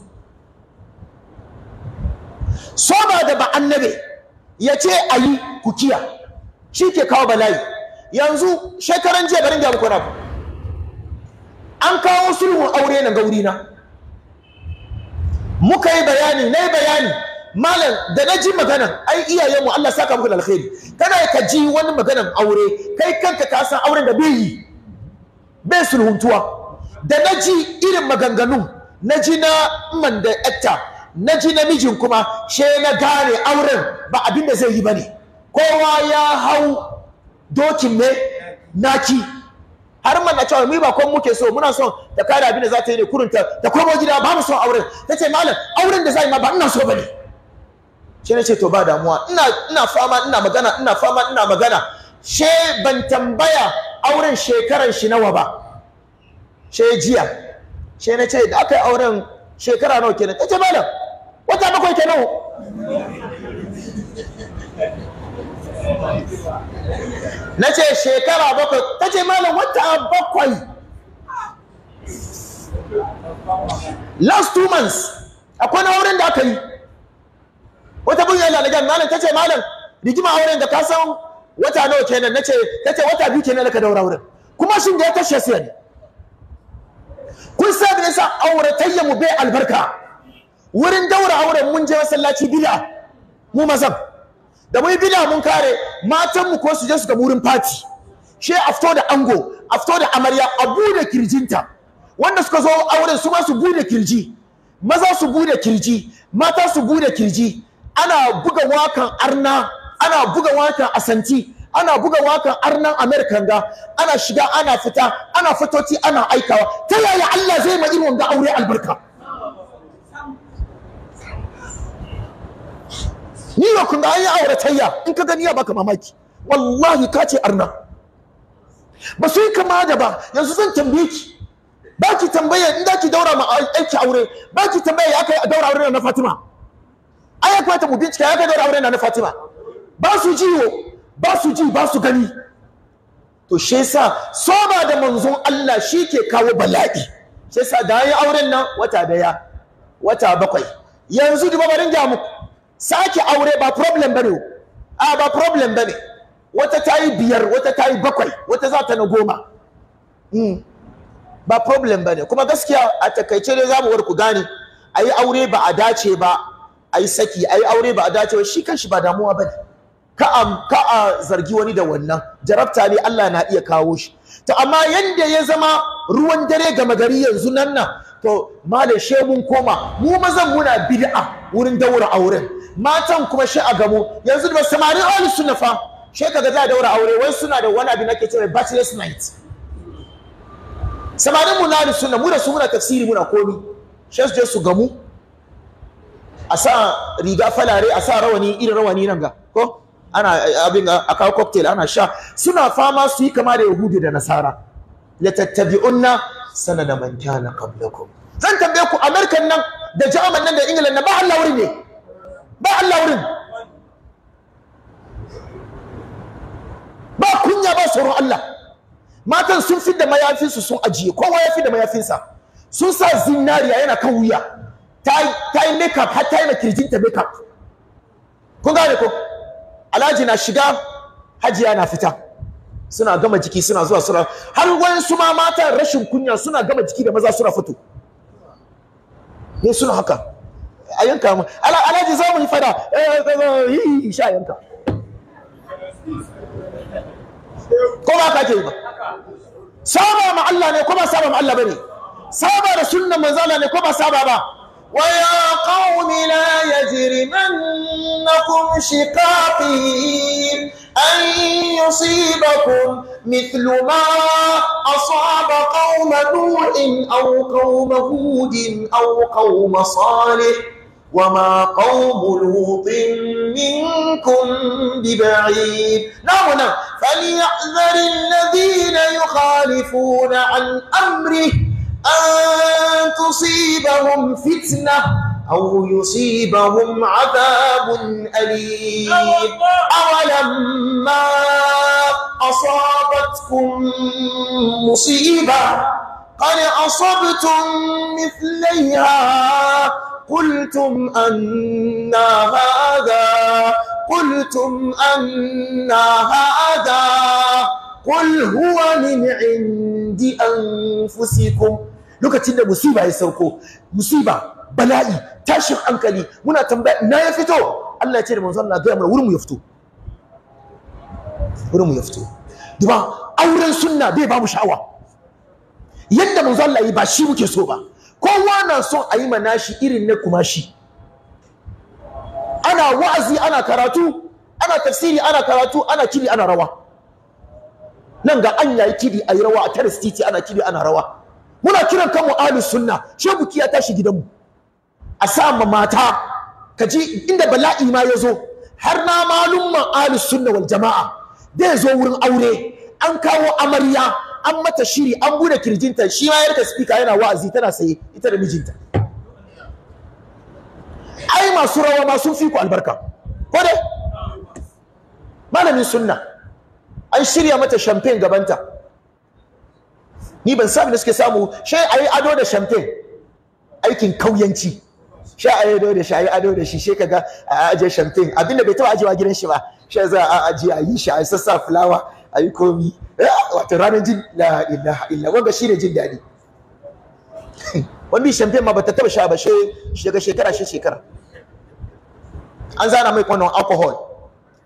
soba da ba annabe ya ce a yi ku kiya shi ke kawo bala'i yanzu shekaran jiya garin gyamu kwanaku an kawo sulhun aure na gauri na muka yi bayani na yi bayani malam da na ji maganan ai iyayenmu Allah saka muku da alkhairi kana ka ji wani maganan aure kai kanka ka san auren da bai yi bai sulhuntuwa da na ji irin maganganun na ji na man da na ji namijin kuma she na gane auren ba abin da zai yi ba ne kowa ya hau dokin ne naki har man na cewa mu ba kon muke so muna son ta kare abin da za ta yi ne kurunta ta komo gida ba mu son auren ta ce malam auren da za yi ma ba ina so ba ne shi na ce to ba damuwa ina ina fama ina magana ina fama ina magana she ban tambaya auren shekaran shi nawa ba she jiya she na ce da aka yi auren shekara nawa kenan ta ce malam wata bakwai kenan na ce shekara bakwai ta ce malam wata bakwai last two months akwai na wurin da aka yi wata bunya yana daga malam ta ce malam rigima wurin da ka san wata nawa kenan ta ce wata biyu kenan ka daura wurin kuma shin da ya kashe su ne kun sa da nisa auratayya mu bai albarka wurin daura auren mun je masallaci bid'a mu mazan da mu bid'a mun kare matan mu ko su je su ga wurin party she afto da ango afto da amarya a bude kirjinta wanda suka zo auren su ma su bude kirji maza su bude kirji mata su bude kirji ana buga wakan arna ana buga wakan asanti ana buga wakan arnan american ga ana shiga ana fita ana fitoci ana aikawa ta yaya Allah zai ma irin wanda aure albarka ni da kun da an yi auratayya in ka gani ya baka mamaki wallahi ka ce arna ba su yi kama da ba yanzu zan tambaye ki ba ki tambaye in da ki daura ma aiki aure ba ki tambaye ya kai daura aure na Fatima ai akwai ta mu bincika ya kai daura aure na Fatima ba su jiwo ba su ji ba su gani to shi yasa soba da manzon Allah shi ke kawo bala'i shi yasa da yi auren nan wata daya wata bakwai yanzu duba ba ga muku sake aure ba problem bane a ba problem bane wata ta yi biyar wata ta yi bakwai wata za ta na goma hmm. ba problem bane kuma gaskiya a takaice dai zamu warku gane a yi aure ba a dace ba a yi saki a yi aure ba a dace ba shi kanshi ba damuwa bane ka a ka a zargi wani da wannan jarabta ne Allah na iya kawo shi to amma yanda ya zama ruwan dare gama gari yanzu nan nan to malam she mun koma mu mazan muna bid'a wurin daura auren matan kuma shi a gamo yanzu da samari ahli sunna fa shi kaga za daura aure wai suna da wani abin ake cewa bachelor's night Samari mu na ahli sunna mu da su muna tafsiri muna komi shi su je su gamu a sa riga falare a sa rawani irin rawani nan ga ko ana abin a kawo cocktail ana sha suna fama su yi kama da yahudi da nasara la tattabi'unna sanada man kana qablakum zan tambaye ku american nan da jaman nan da england na ba Allah wuri ne ba Allah wurin ba kunya ba tsoron Allah matan sun fi da mayafinsu sun ajiye kowa ya fi da mayafinsa sun sa zinariya yana kan wuya ta yi makeup har ta yi na kirjinta makeup kun gane ko alhaji na shiga hajiya na fita suna gama jiki suna zuwa sura har wayansu ma matan rashin kunya suna gama jiki da maza suna fito ne suna haka a yanka mu alhaji za mu yi fada eh, eh, eh, yi sha yanka ko ba ka ke ba saba ma Allah ne ko ba saba ma Allah bane saba da sunnan manzala ne ko ba saba ba ويا قوم لا يجرمنكم شقاقي أن يصيبكم مثل ما أصاب قوم نوح أو قوم هود أو قوم صالح وما قوم لوط منكم ببعيد نعم نعم فليحذر الذين يخالفون عن أمره أن تصيبهم فتنة أو يصيبهم عذاب أليم أولما أصابتكم مصيبة قد أصبتم مثليها قلتم أن هذا قلتم أن هذا قل هو من عند أنفسكم lokacin da musiba ya sauko musiba bala'i tashin hankali muna tambaya ina ya fito Allah ya ce da manzo Allah ga mana wurin mu ya fito wurin mu ya fito duba auren sunna bai ba mu sha'awa yadda manzo Allah ba shi muke so ba kowa na son a yi mana shi irin na kumashi ana wa'azi ana karatu ana tafsiri ana karatu ana kiri ana rawa nan ga an yayi ayi rawa a tare titi ana kiri ana rawa muna kiran kanmu ahlus sunna shebuki ya tashi gidanmu a sa ma mata kaji inda bala'i ma ya zo har na malumman ahlus sunna wal jama'a da ya zo wurin aure an kawo amarya an mata shiri an bude kirjinta shi ma yarda speaker yana wa'azi tana saye ita da mijinta ai masu rawa ma sun fi ku albarka ko dai malamin sunna an shirya mata champagne gabanta ni ban sami da suke samu shi ayi ado da champagne aikin kauyanci shi ayi ado da shi ayi ado da shi shi kaga a aje champagne abinda bai taba ajewa gidan shi ba shi za a aje a yi shi a sassa flower a yi komi eh, wato ranar jin la ilaha illa wanda shine jin daɗi wani champagne ma bata taba sha ba shi daga shekara shi shekara an zana mai kwanon alcohol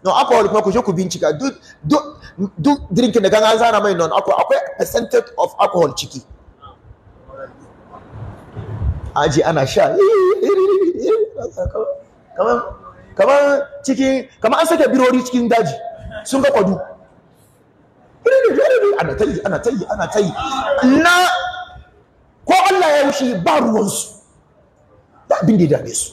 no alcohol kuma ku je ku bincika duk duk drinkin da ganga zana mai non alcohol akwai percentage of alcohol ciki aji ana sha eh, eh, eh, kamar cikin kamar an saka birori cikin daji sun ga kwadu ana ta yi ana ta yi ana ta yi na ko Allah ya wuce ba ruwansu da abin da ya dame su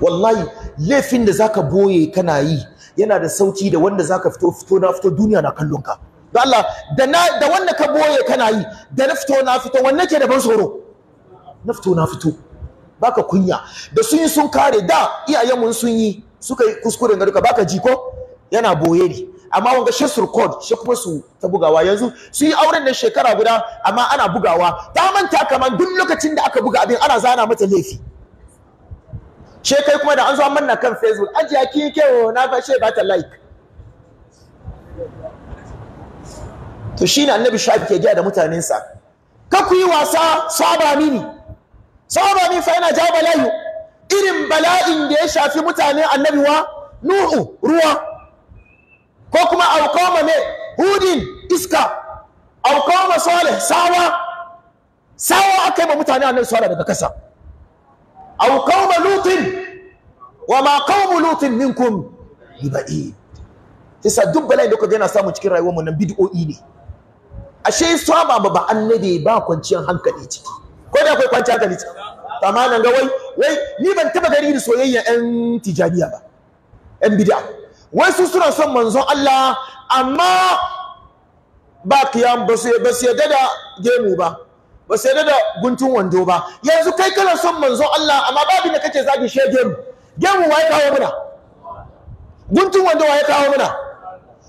wallahi laifin da zaka boye kana yi yana da sauki da wanda zaka fito fito na fito duniya na kallon ka da Allah da na da wanda ka boye kana yi da na fito na fito wanne ke da ban tsoro na fito na fito baka kunya da sun yi sun kare da iyayen mun sun yi suka yi kuskuren ga duka baka ji ko yana boye ne amma wanga shi surkod shi kuma su ta bugawa yanzu su yi auren da shekara guda amma ana bugawa ta manta kaman duk lokacin da aka buga abin ana zana mata laifi she kai kuma da an zo an manna kan facebook an jiya kin kewo na fa she ba ta like to shine annabi shafi ke jiya da mutanensa ka ku yi wasa saba mini saba mini fa yana jawo layu irin bala'in da ya shafi mutane annabi wa nuhu ruwa ko kuma alkoma ne hudin iska alkoma sole sawa sawa aka yi mutane annabi salih daga kasa aw qauma lutin wa ma qaumu lutin minkum sai duk bala'in da kuka ga yana samu cikin rayuwar mu nan bid'o'i ne ashe saba ba ba annabi ba kwanciyar hankali ciki ko da akwai kwanciyar hankali ciki ma nan ga wai wai ni ban taba gari da soyayya yan tijaniya ba yan bid'a wai su suna son manzon Allah amma ba kiyam ba su yadda da gemu ba ba sai da guntun wando ba yanzu kai kana son manzo Allah amma babu da kake zagi shege mu gemu wai kawo muna guntun wando wai kawo muna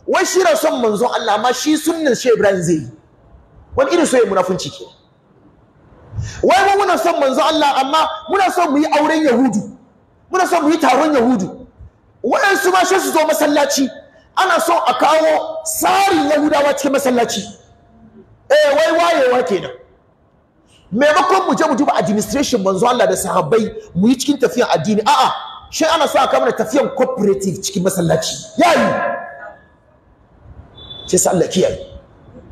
wai shi ra son manzo Allah amma shi sunnan shi Ibrahim zai wani irin soyayya munafunci ke wai mu muna son manzo Allah amma muna son mu yi auren Yahudu muna son mu yi taron Yahudu su ma sai su zo masallaci ana son a kawo tsarin Yahudawa cikin masallaci eh wai wayewa kenan maimakon mu je mu duba administration manzo Allah da sahabbai mu yi cikin tafiyan addini a'a shi ana sa ka mana tafiyan cooperative cikin masallaci yayi ce sa Allah kiyaye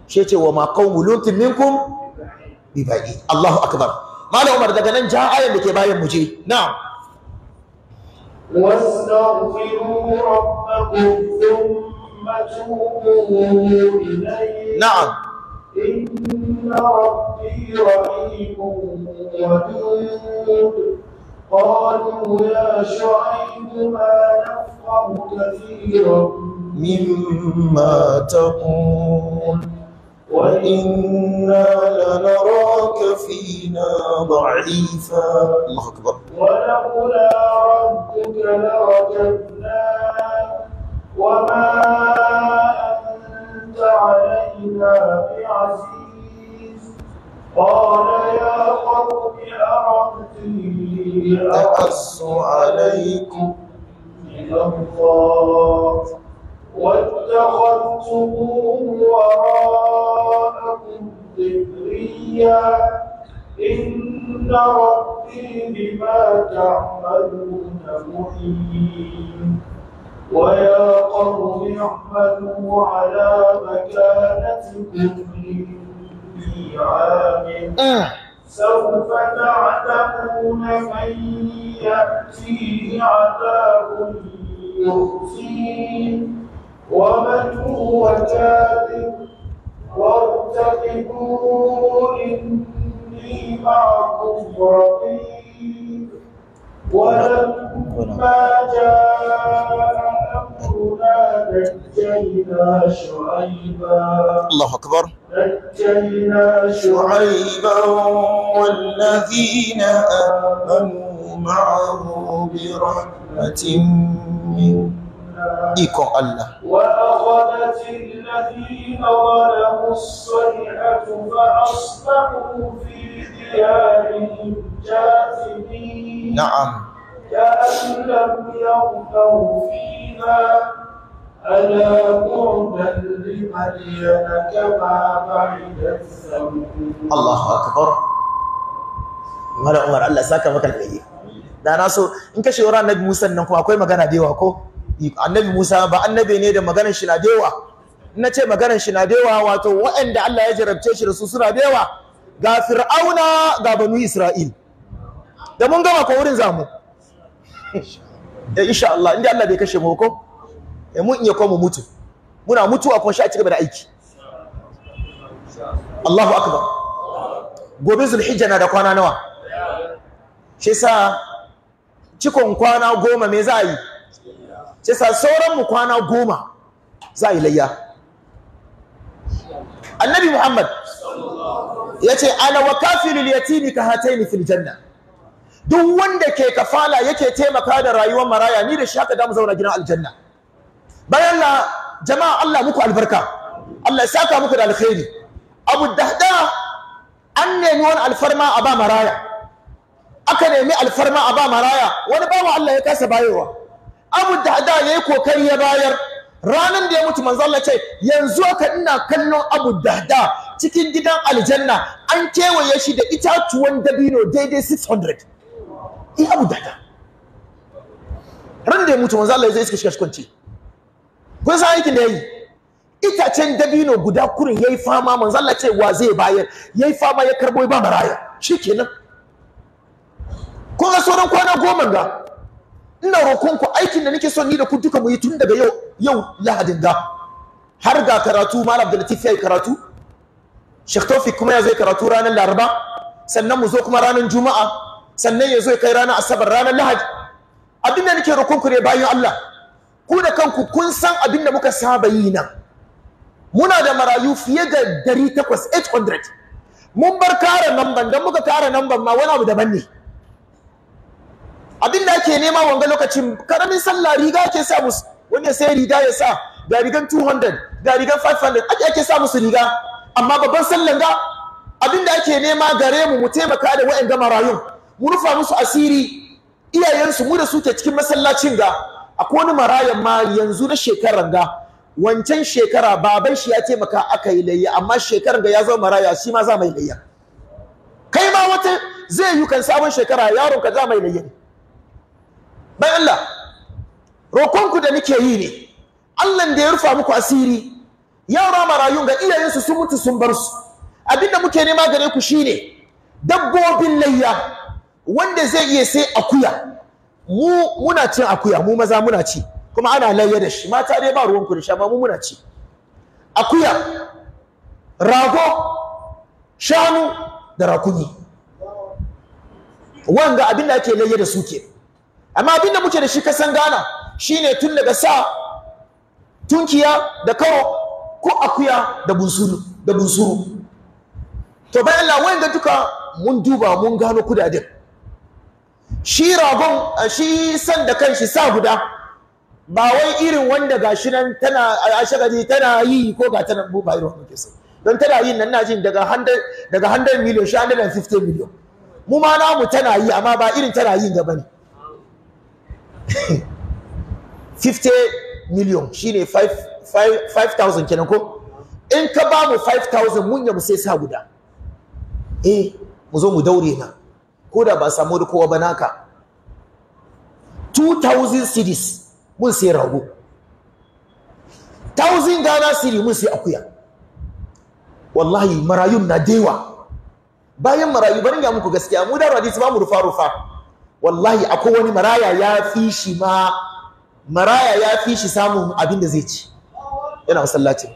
shi ce wa ma qawmu lutin minkum bi baqi Allahu akbar malam Umar daga nan ja ayan da ke bayan mu je na'am واستغفروا ربكم ثم توبوا إليه نعم إن إن ربي رحيم ودود قالوا يا شعيب ما نفقه كثيرا مما تقول وإنا لنراك فينا ضعيفا الله أكبر ولولا ربك لرجمناك وما أنت علينا بعزيز قال يا قوم أرأيتم أحس عليكم من الله واتخذتموه وراءكم ذريا إن ربي بما تعملون محيط ويا قوم اعملوا على مكانتكم في آه. عام آه. سوف تعلمون من يأتيه عذاب يخزيه ومن هو كاذب وارتقبوا إني معكم رقيب ولما جاء الله أكبر نجينا شعيبا والذين آمنوا معه برحمة منا إيكم الله وأخذت الذين ظلموا الصيحة فأصبحوا في ديارهم جاثمين نعم كأن لم يغنوا فيها ألا بعدا لمدين كما بعد السماء الله أكبر Mala Umar Allah saka maka alƙayi da na so in ka shawara annabi Musa nan kuma akwai magana da yawa ko annabi Musa ba annabi ne da maganar shi na da yawa na ce maganar shi na da yawa wato waɗanda Allah ya jarabce shi da su suna da yawa ga Fir'auna ga Banu Isra'il da mun gama ko wurin zamu Eh, insha Allah inda Allah bai kashe mu ko eh mun iya ko mutu muna mutuwa kuma sha ci gaba da aiki Allahu akbar gobe zulhijja na da kwana nawa shi sa cikon kwana goma me za a yi shi sa sauran mu kwana goma za a yi layya annabi muhammad ya ce ana wa kafin yatimi ka hatai ni fil janna duk wanda ke kafala yake taimaka da rayuwar maraya ni da shi haka damu zauna gidan aljanna bayan la jama'a Allah muku albarka Allah ya saka muku da alkhairi Abu Dahda an nemi wani alfarma a ba maraya aka nemi alfarma a ba maraya wani bawa Allah ya kasa bayowa Abu Dahda yayi kokari ya bayar ranan da ya mutu manzo Allah ce yanzu aka ina kallon Abu Dahda cikin gidan aljanna an kewaye shi da itatuwan dabino daidai 600 iya abu ran da ya mutu manzo Allah ya zai iska shi kwanci ko sai aikin da yayi itacen dabino guda kurin yayi fama manzo Allah ce wa zai bayar yayi fama ya karbo ba maraya shikenan kun ga sauran kwana goma ga ina rokon ku aikin da nake son ni da ku duka mu yi tun daga yau yau lahadin da har ga karatu malam Abdul Latif yayi karatu Sheikh kuma ya zai karatu ranar Laraba sannan mu zo kuma ranar Juma'a sannan ya zo ya kai ranar asabar ranar lahadi abin da nake rukunku ne bayan Allah ku da kanku kun san abin da muka saba yi nan muna da marayu fiye da 800 800 mun bar kara namban don muka kara namban ma wani abu daban ne abin da ake nema wanga lokacin karamin sallah riga ake sa musu wanda sai riga ya sa ga rigan 200 ga rigan 500 ake ake sa musu riga amma babban sallan ga abin da ake nema gare mu mu taimaka da wa'yan marayun mu rufa musu asiri iyayensu mu da su ke cikin masallacin ga akwai wani marayan ma yanzu na shekaran ga wancan shekara baban shi ya taimaka aka yi layya amma shekaran ga ya zama maraya shi ma za mai layya kai ma wata zai yi kan sabon shekara yaron ka za mai layya bai Allah rokonku da nake yi ne Allah da ya rufa muku asiri yara marayun ga iyayensu sun mutu sun bar su abinda muke nema gare ku shine dabbobin layya wanda zai iya sai akuya mu muna cin akuya mu maza muna ci kuma ana layya da shi mata dai ba ruwan ku da mu muna ci akuya rago shanu da rakuni wanga abin da ake layya da su ke amma abinda da muke da shi kasan gana shine tun daga sa tunkiya da karo ko akuya da bunsuru da bunsuru to bayan Allah wanda duka mun duba mun gano kudaden shi ragon shi san da kanshi sa guda ba wai irin wanda ga shi nan tana a shagari tana yi ko ga tana buba ba irin wanda ke so don tana yin nan na jin daga 100 daga 100 million shi 150 miliyon? mu ma namu tana yi amma ba irin tana yin gaba ne 50 shi ne 5000 kenan ko in ka ba mu 5000 mun yamu sai sa guda eh mu zo mu daure na Koda ba samu da kowa ba naka 2000 cities mun sai rago 1000 Ghana city mun sai akuya wallahi marayun na dewa bayan marayu barin ga muku gaskiya mu da radi ba mu rufa rufa wallahi akwai wani maraya ya fi shi ma maraya ya fi shi samun abin da zai ci yana masallacin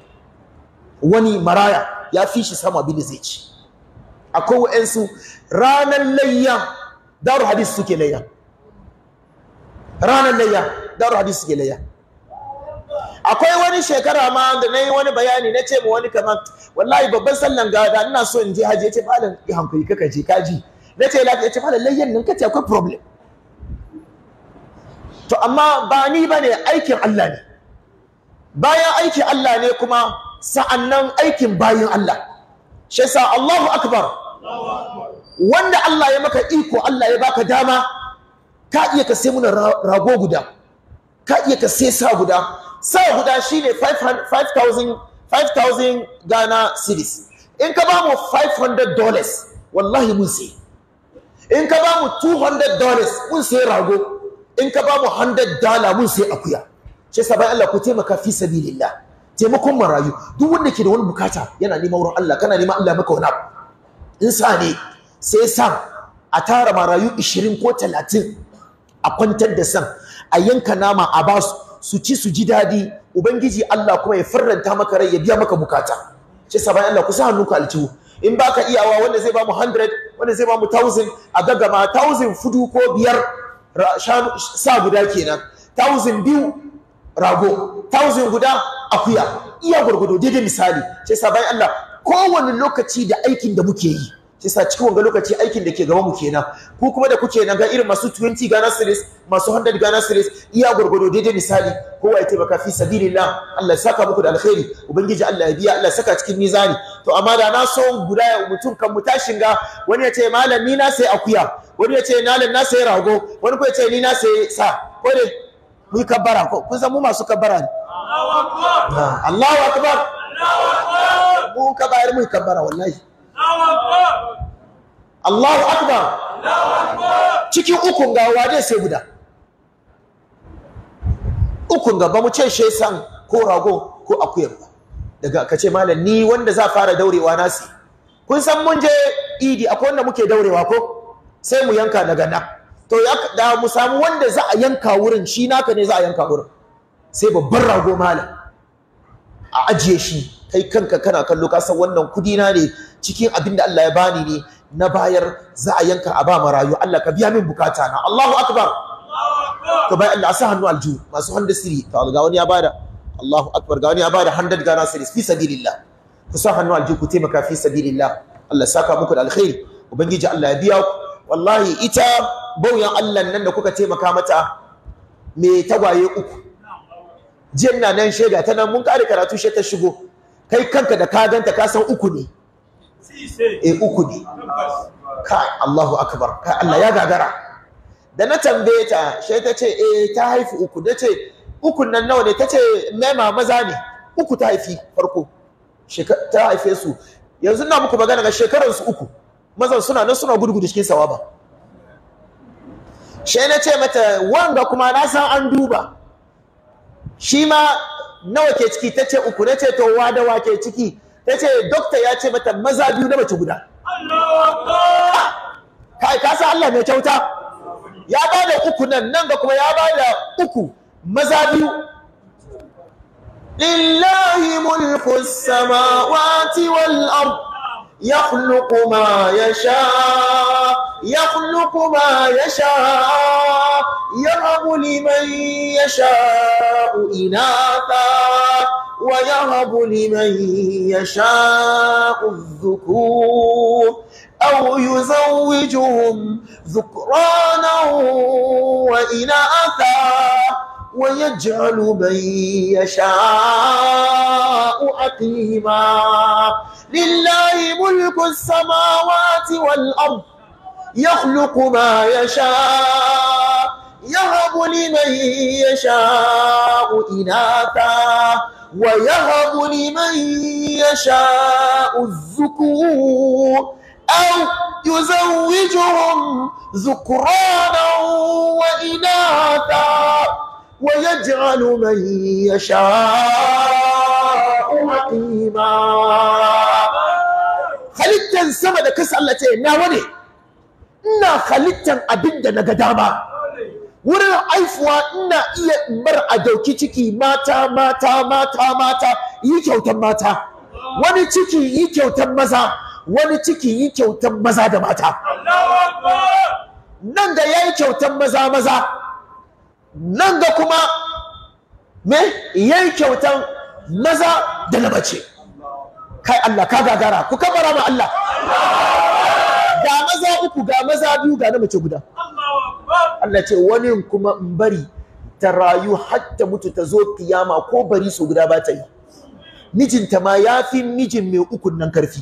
wani maraya ya fi shi samun abin da zai ci akwai wa'ansu ranar layya daru hadis suke layya ranar layya daru hadis suke layya akwai wani shekara ma da na yi wani bayani na ce mu wani kamar wallahi babban sallan gada ina so in je haji ya ce malam ya hankali kaka je kaji na ce lafiya ya ce malam layyan nan kace akwai problem to amma ba ni ba ne aikin Allah ne bayan aikin Allah ne kuma sa'annan aikin bayan Allah shesa Allahu akbar wanda Allah ya maka iko Allah ya baka dama ka iya ka sai muna rago guda ka iya ka sai sa guda sa guda shine 5000 5000 Ghana cedis in ka ba mu 500 dollars wallahi mun sai in ka ba mu 200 dollars mun sai rago in ka ba mu 100 mun sai akuya shesa bayan Allah ku taimaka fi sabilillah taimakon marayu duk wanda ke da wani bukata yana nema wurin Allah kana nema Allah maka wani abu in sa ne sai san a tara marayu 20 ko 30 a kwantar da san a yanka nama a ba su su ci su ji dadi ubangiji Allah kuma ya farranta maka rai ya biya maka bukata shi sabai Allah ku sa ku alciwo in baka iyawa wanda zai ba mu 100 wanda zai ba mu 1000 a gaggama 1000 fudu ko biyar sa guda kenan 1000 biyu rago thousand guda akuya iya gurgudu daidai misali sai sa bayan Allah kowane lokaci da aikin da muke yi sai sa cikin wanga lokaci aikin da ke gaba mu kenan ku kuma da kuke nan ga irin masu 20 Ghana series masu 100 Ghana series iya gwargwado daidai misali kowa ya taimaka fi sabilillah Allah ya saka muku da alkhairi ubangiji Allah ya biya Allah saka cikin mizani to amma da na so guda ya mutum kan mutashin ga wani ya ce malam na sai akuya wani ya ce na sai rago wani ko ya ce ni na sai sa ko mu yi kabbara ko kun san mu masu kabbara ne Allahu akbar ah, mu ka bayar mu yi kabbara wallahi Allahu akbar cikin ukun ga waje sai guda ukun ga ba mu ce san ko rago ko akuyar ba daga ka ce malam ni wanda za fara daurewa nasi kun san mun je idi akwai wanda muke daurewa ko sai mu yanka daga nan to da mu samu wanda za a yanka wurin shi naka ne za a yanka wurin sai babban rago malam a ajiye shi kai kanka kana kallo ka san wannan kudi na ne cikin abin da Allah ya bani ne na bayar za a yanka a ba marayu Allah ka biya min bukata na Allahu akbar to bai Allah sa hannu aljihu masu handa siri to ga wani ya bada Allahu akbar ga wani ya bada 100 gana siri fi sabilillah ku sa hannu aljihu ku taimaka fi sabilillah Allah saka muku da alkhairi ubangiji Allah ya biya ku wallahi ita bauyan Allah nan da kuka taimaka mata me tagwaye uku jiyan na nan shaida ta nan mun kare karatu she ta shigo kai kanka da ka ganta ka san uku ne eh uku ne kai Allahu akbar kai Allah ya gagara da na tambaye ta she ta ce eh ta haifi uku da ce uku nan nawa ne ta ce mema maza ne uku ta haifi farko ta haife su yanzu na muku magana ga shekaransu uku mazan suna nan suna gudu cikin sawaba shi na ce mata wanga kuma na san an duba shi ma nawa ke ciki ta ce uku na ce to da wa ke ciki ta ce dokta ya ce mata maza biyu na mace guda kai ka san Allah mai kyauta ya ba da uku nan nan ga kuma ya ba da uku maza biyu lillahi mulku samawati wal ardh يخلق ما يشاء يخلق ما يشاء يهب لمن يشاء إناثا ويهب لمن يشاء الذكور أو يزوجهم ذكرانا وإناثا ويجعل من يشاء عقيما لله ملك السماوات والأرض يخلق ما يشاء يهب لمن يشاء إناثا ويهب لمن يشاء الذكور أو يزوجهم ذكرانا وإناثا ويجعل من يشاء عقيما halittan sama da kasa Allah ce na wane ina halittan abin da na ga dama wurin haifuwa ina iya bar a dauki ciki mata mata mata mata yi kyautan mata wani ciki yi kyautan maza wani ciki yi kyautan maza da mata nan ya yayi kyautan maza maza nan da kuma me yayi kyautan maza da na mace kai Allah ka gagara ku kabara ma Allah ga maza uku ga maza biyu ga na mace guda Allah ce wani kuma in bari ta rayu har ta mutu ta zo kiyama ko bari su guda ba ta yi mijinta ma ya fi mijin mai uku nan karfi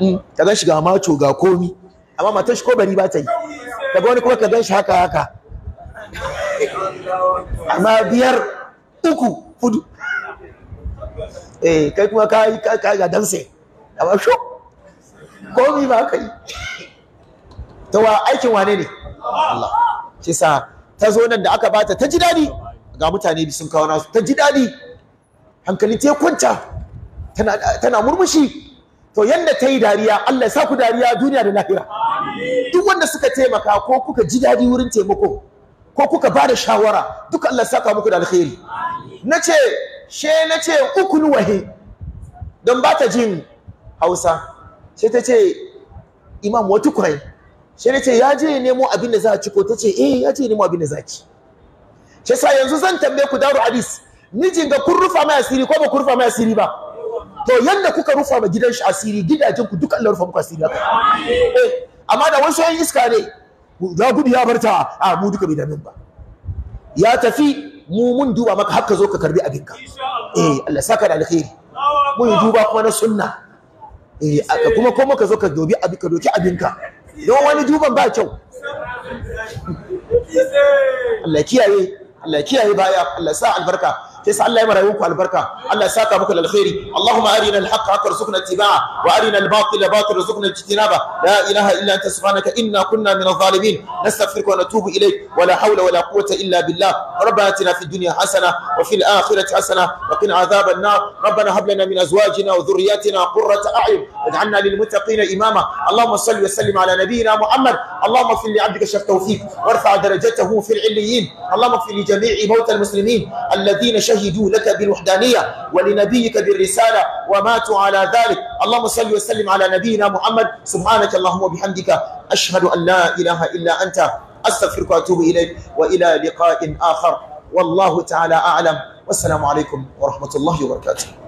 mm, ka gan shi ga maco ga komi amma matar shi ko bari ba ta yi ka wani kuma ka gan shi haka haka amma biyar uku hudu eh kai kuma ka yi ka ga danse amma shu ni ba ka yi to wa aikin wane ne Allah shi sa ta zo nan da aka bata ta ji dadi ga mutane bi sun kawo nasu ta ji dadi hankali ta kwanta tana tana murmushi to yanda ta yi dariya Allah ya sa ku dariya duniya da lahira duk wanda suka taimaka ko kuka ji dadi wurin taimako ko kuka ba da shawara duka Allah ya saka muku da alkhairi nace she na ce ukun wahe don ba ta jin hausa she ta ce imam wata kwai she na ce ya je nemo abin da za a ci ko ta ce eh ya je nemo abin da za a ci she sa yanzu zan tambaye ku daru hadis mijin ga kun rufa mai asiri ko ba kun rufa mai asiri ba to yanda kuka rufa ma gidan shi asiri gidajen ku duk Allah rufa muku asiri haka eh, amma da wasu yan iska ne za gudu ya barta a mu duka bai damin ba ya tafi mu mun duba maka haka zo ka karbi ka. eh Allah saka da alkhairi mun duba kuma na sunna eh kuma ko muka zo ka dobi abin ka doki ka don wani duban ba kyau Allah kiyaye Allah kiyaye baya Allah sa albarka تسعى الله يمرأيوك البركة الله ساكا بك للخير اللهم أرنا الحق حق رزقنا اتباعه وأرنا الباطل باطل رزقنا اجتنابه لا إله إلا أنت سبحانك إنا كنا من الظالمين نستغفرك ونتوب إليك ولا حول ولا قوة إلا بالله ربنا اتنا في الدنيا حسنة وفي الآخرة حسنة وقنا عذاب النار ربنا هب لنا من أزواجنا وذرياتنا قرة أعين اجعلنا للمتقين إماما اللهم صل وسلم على نبينا محمد اللهم اغفر لعبدك الشيخ توفيق وارفع درجته في العليين اللهم اغفر لجميع موتى المسلمين الذين شهدوا شهدوا لك بالوحدانية ولنبيك بالرسالة وماتوا على ذلك اللهم صل وسلم على نبينا محمد سبحانك اللهم وبحمدك أشهد أن لا إله إلا أنت أستغفرك وأتوب إليك وإلى لقاء آخر والله تعالى أعلم والسلام عليكم ورحمة الله وبركاته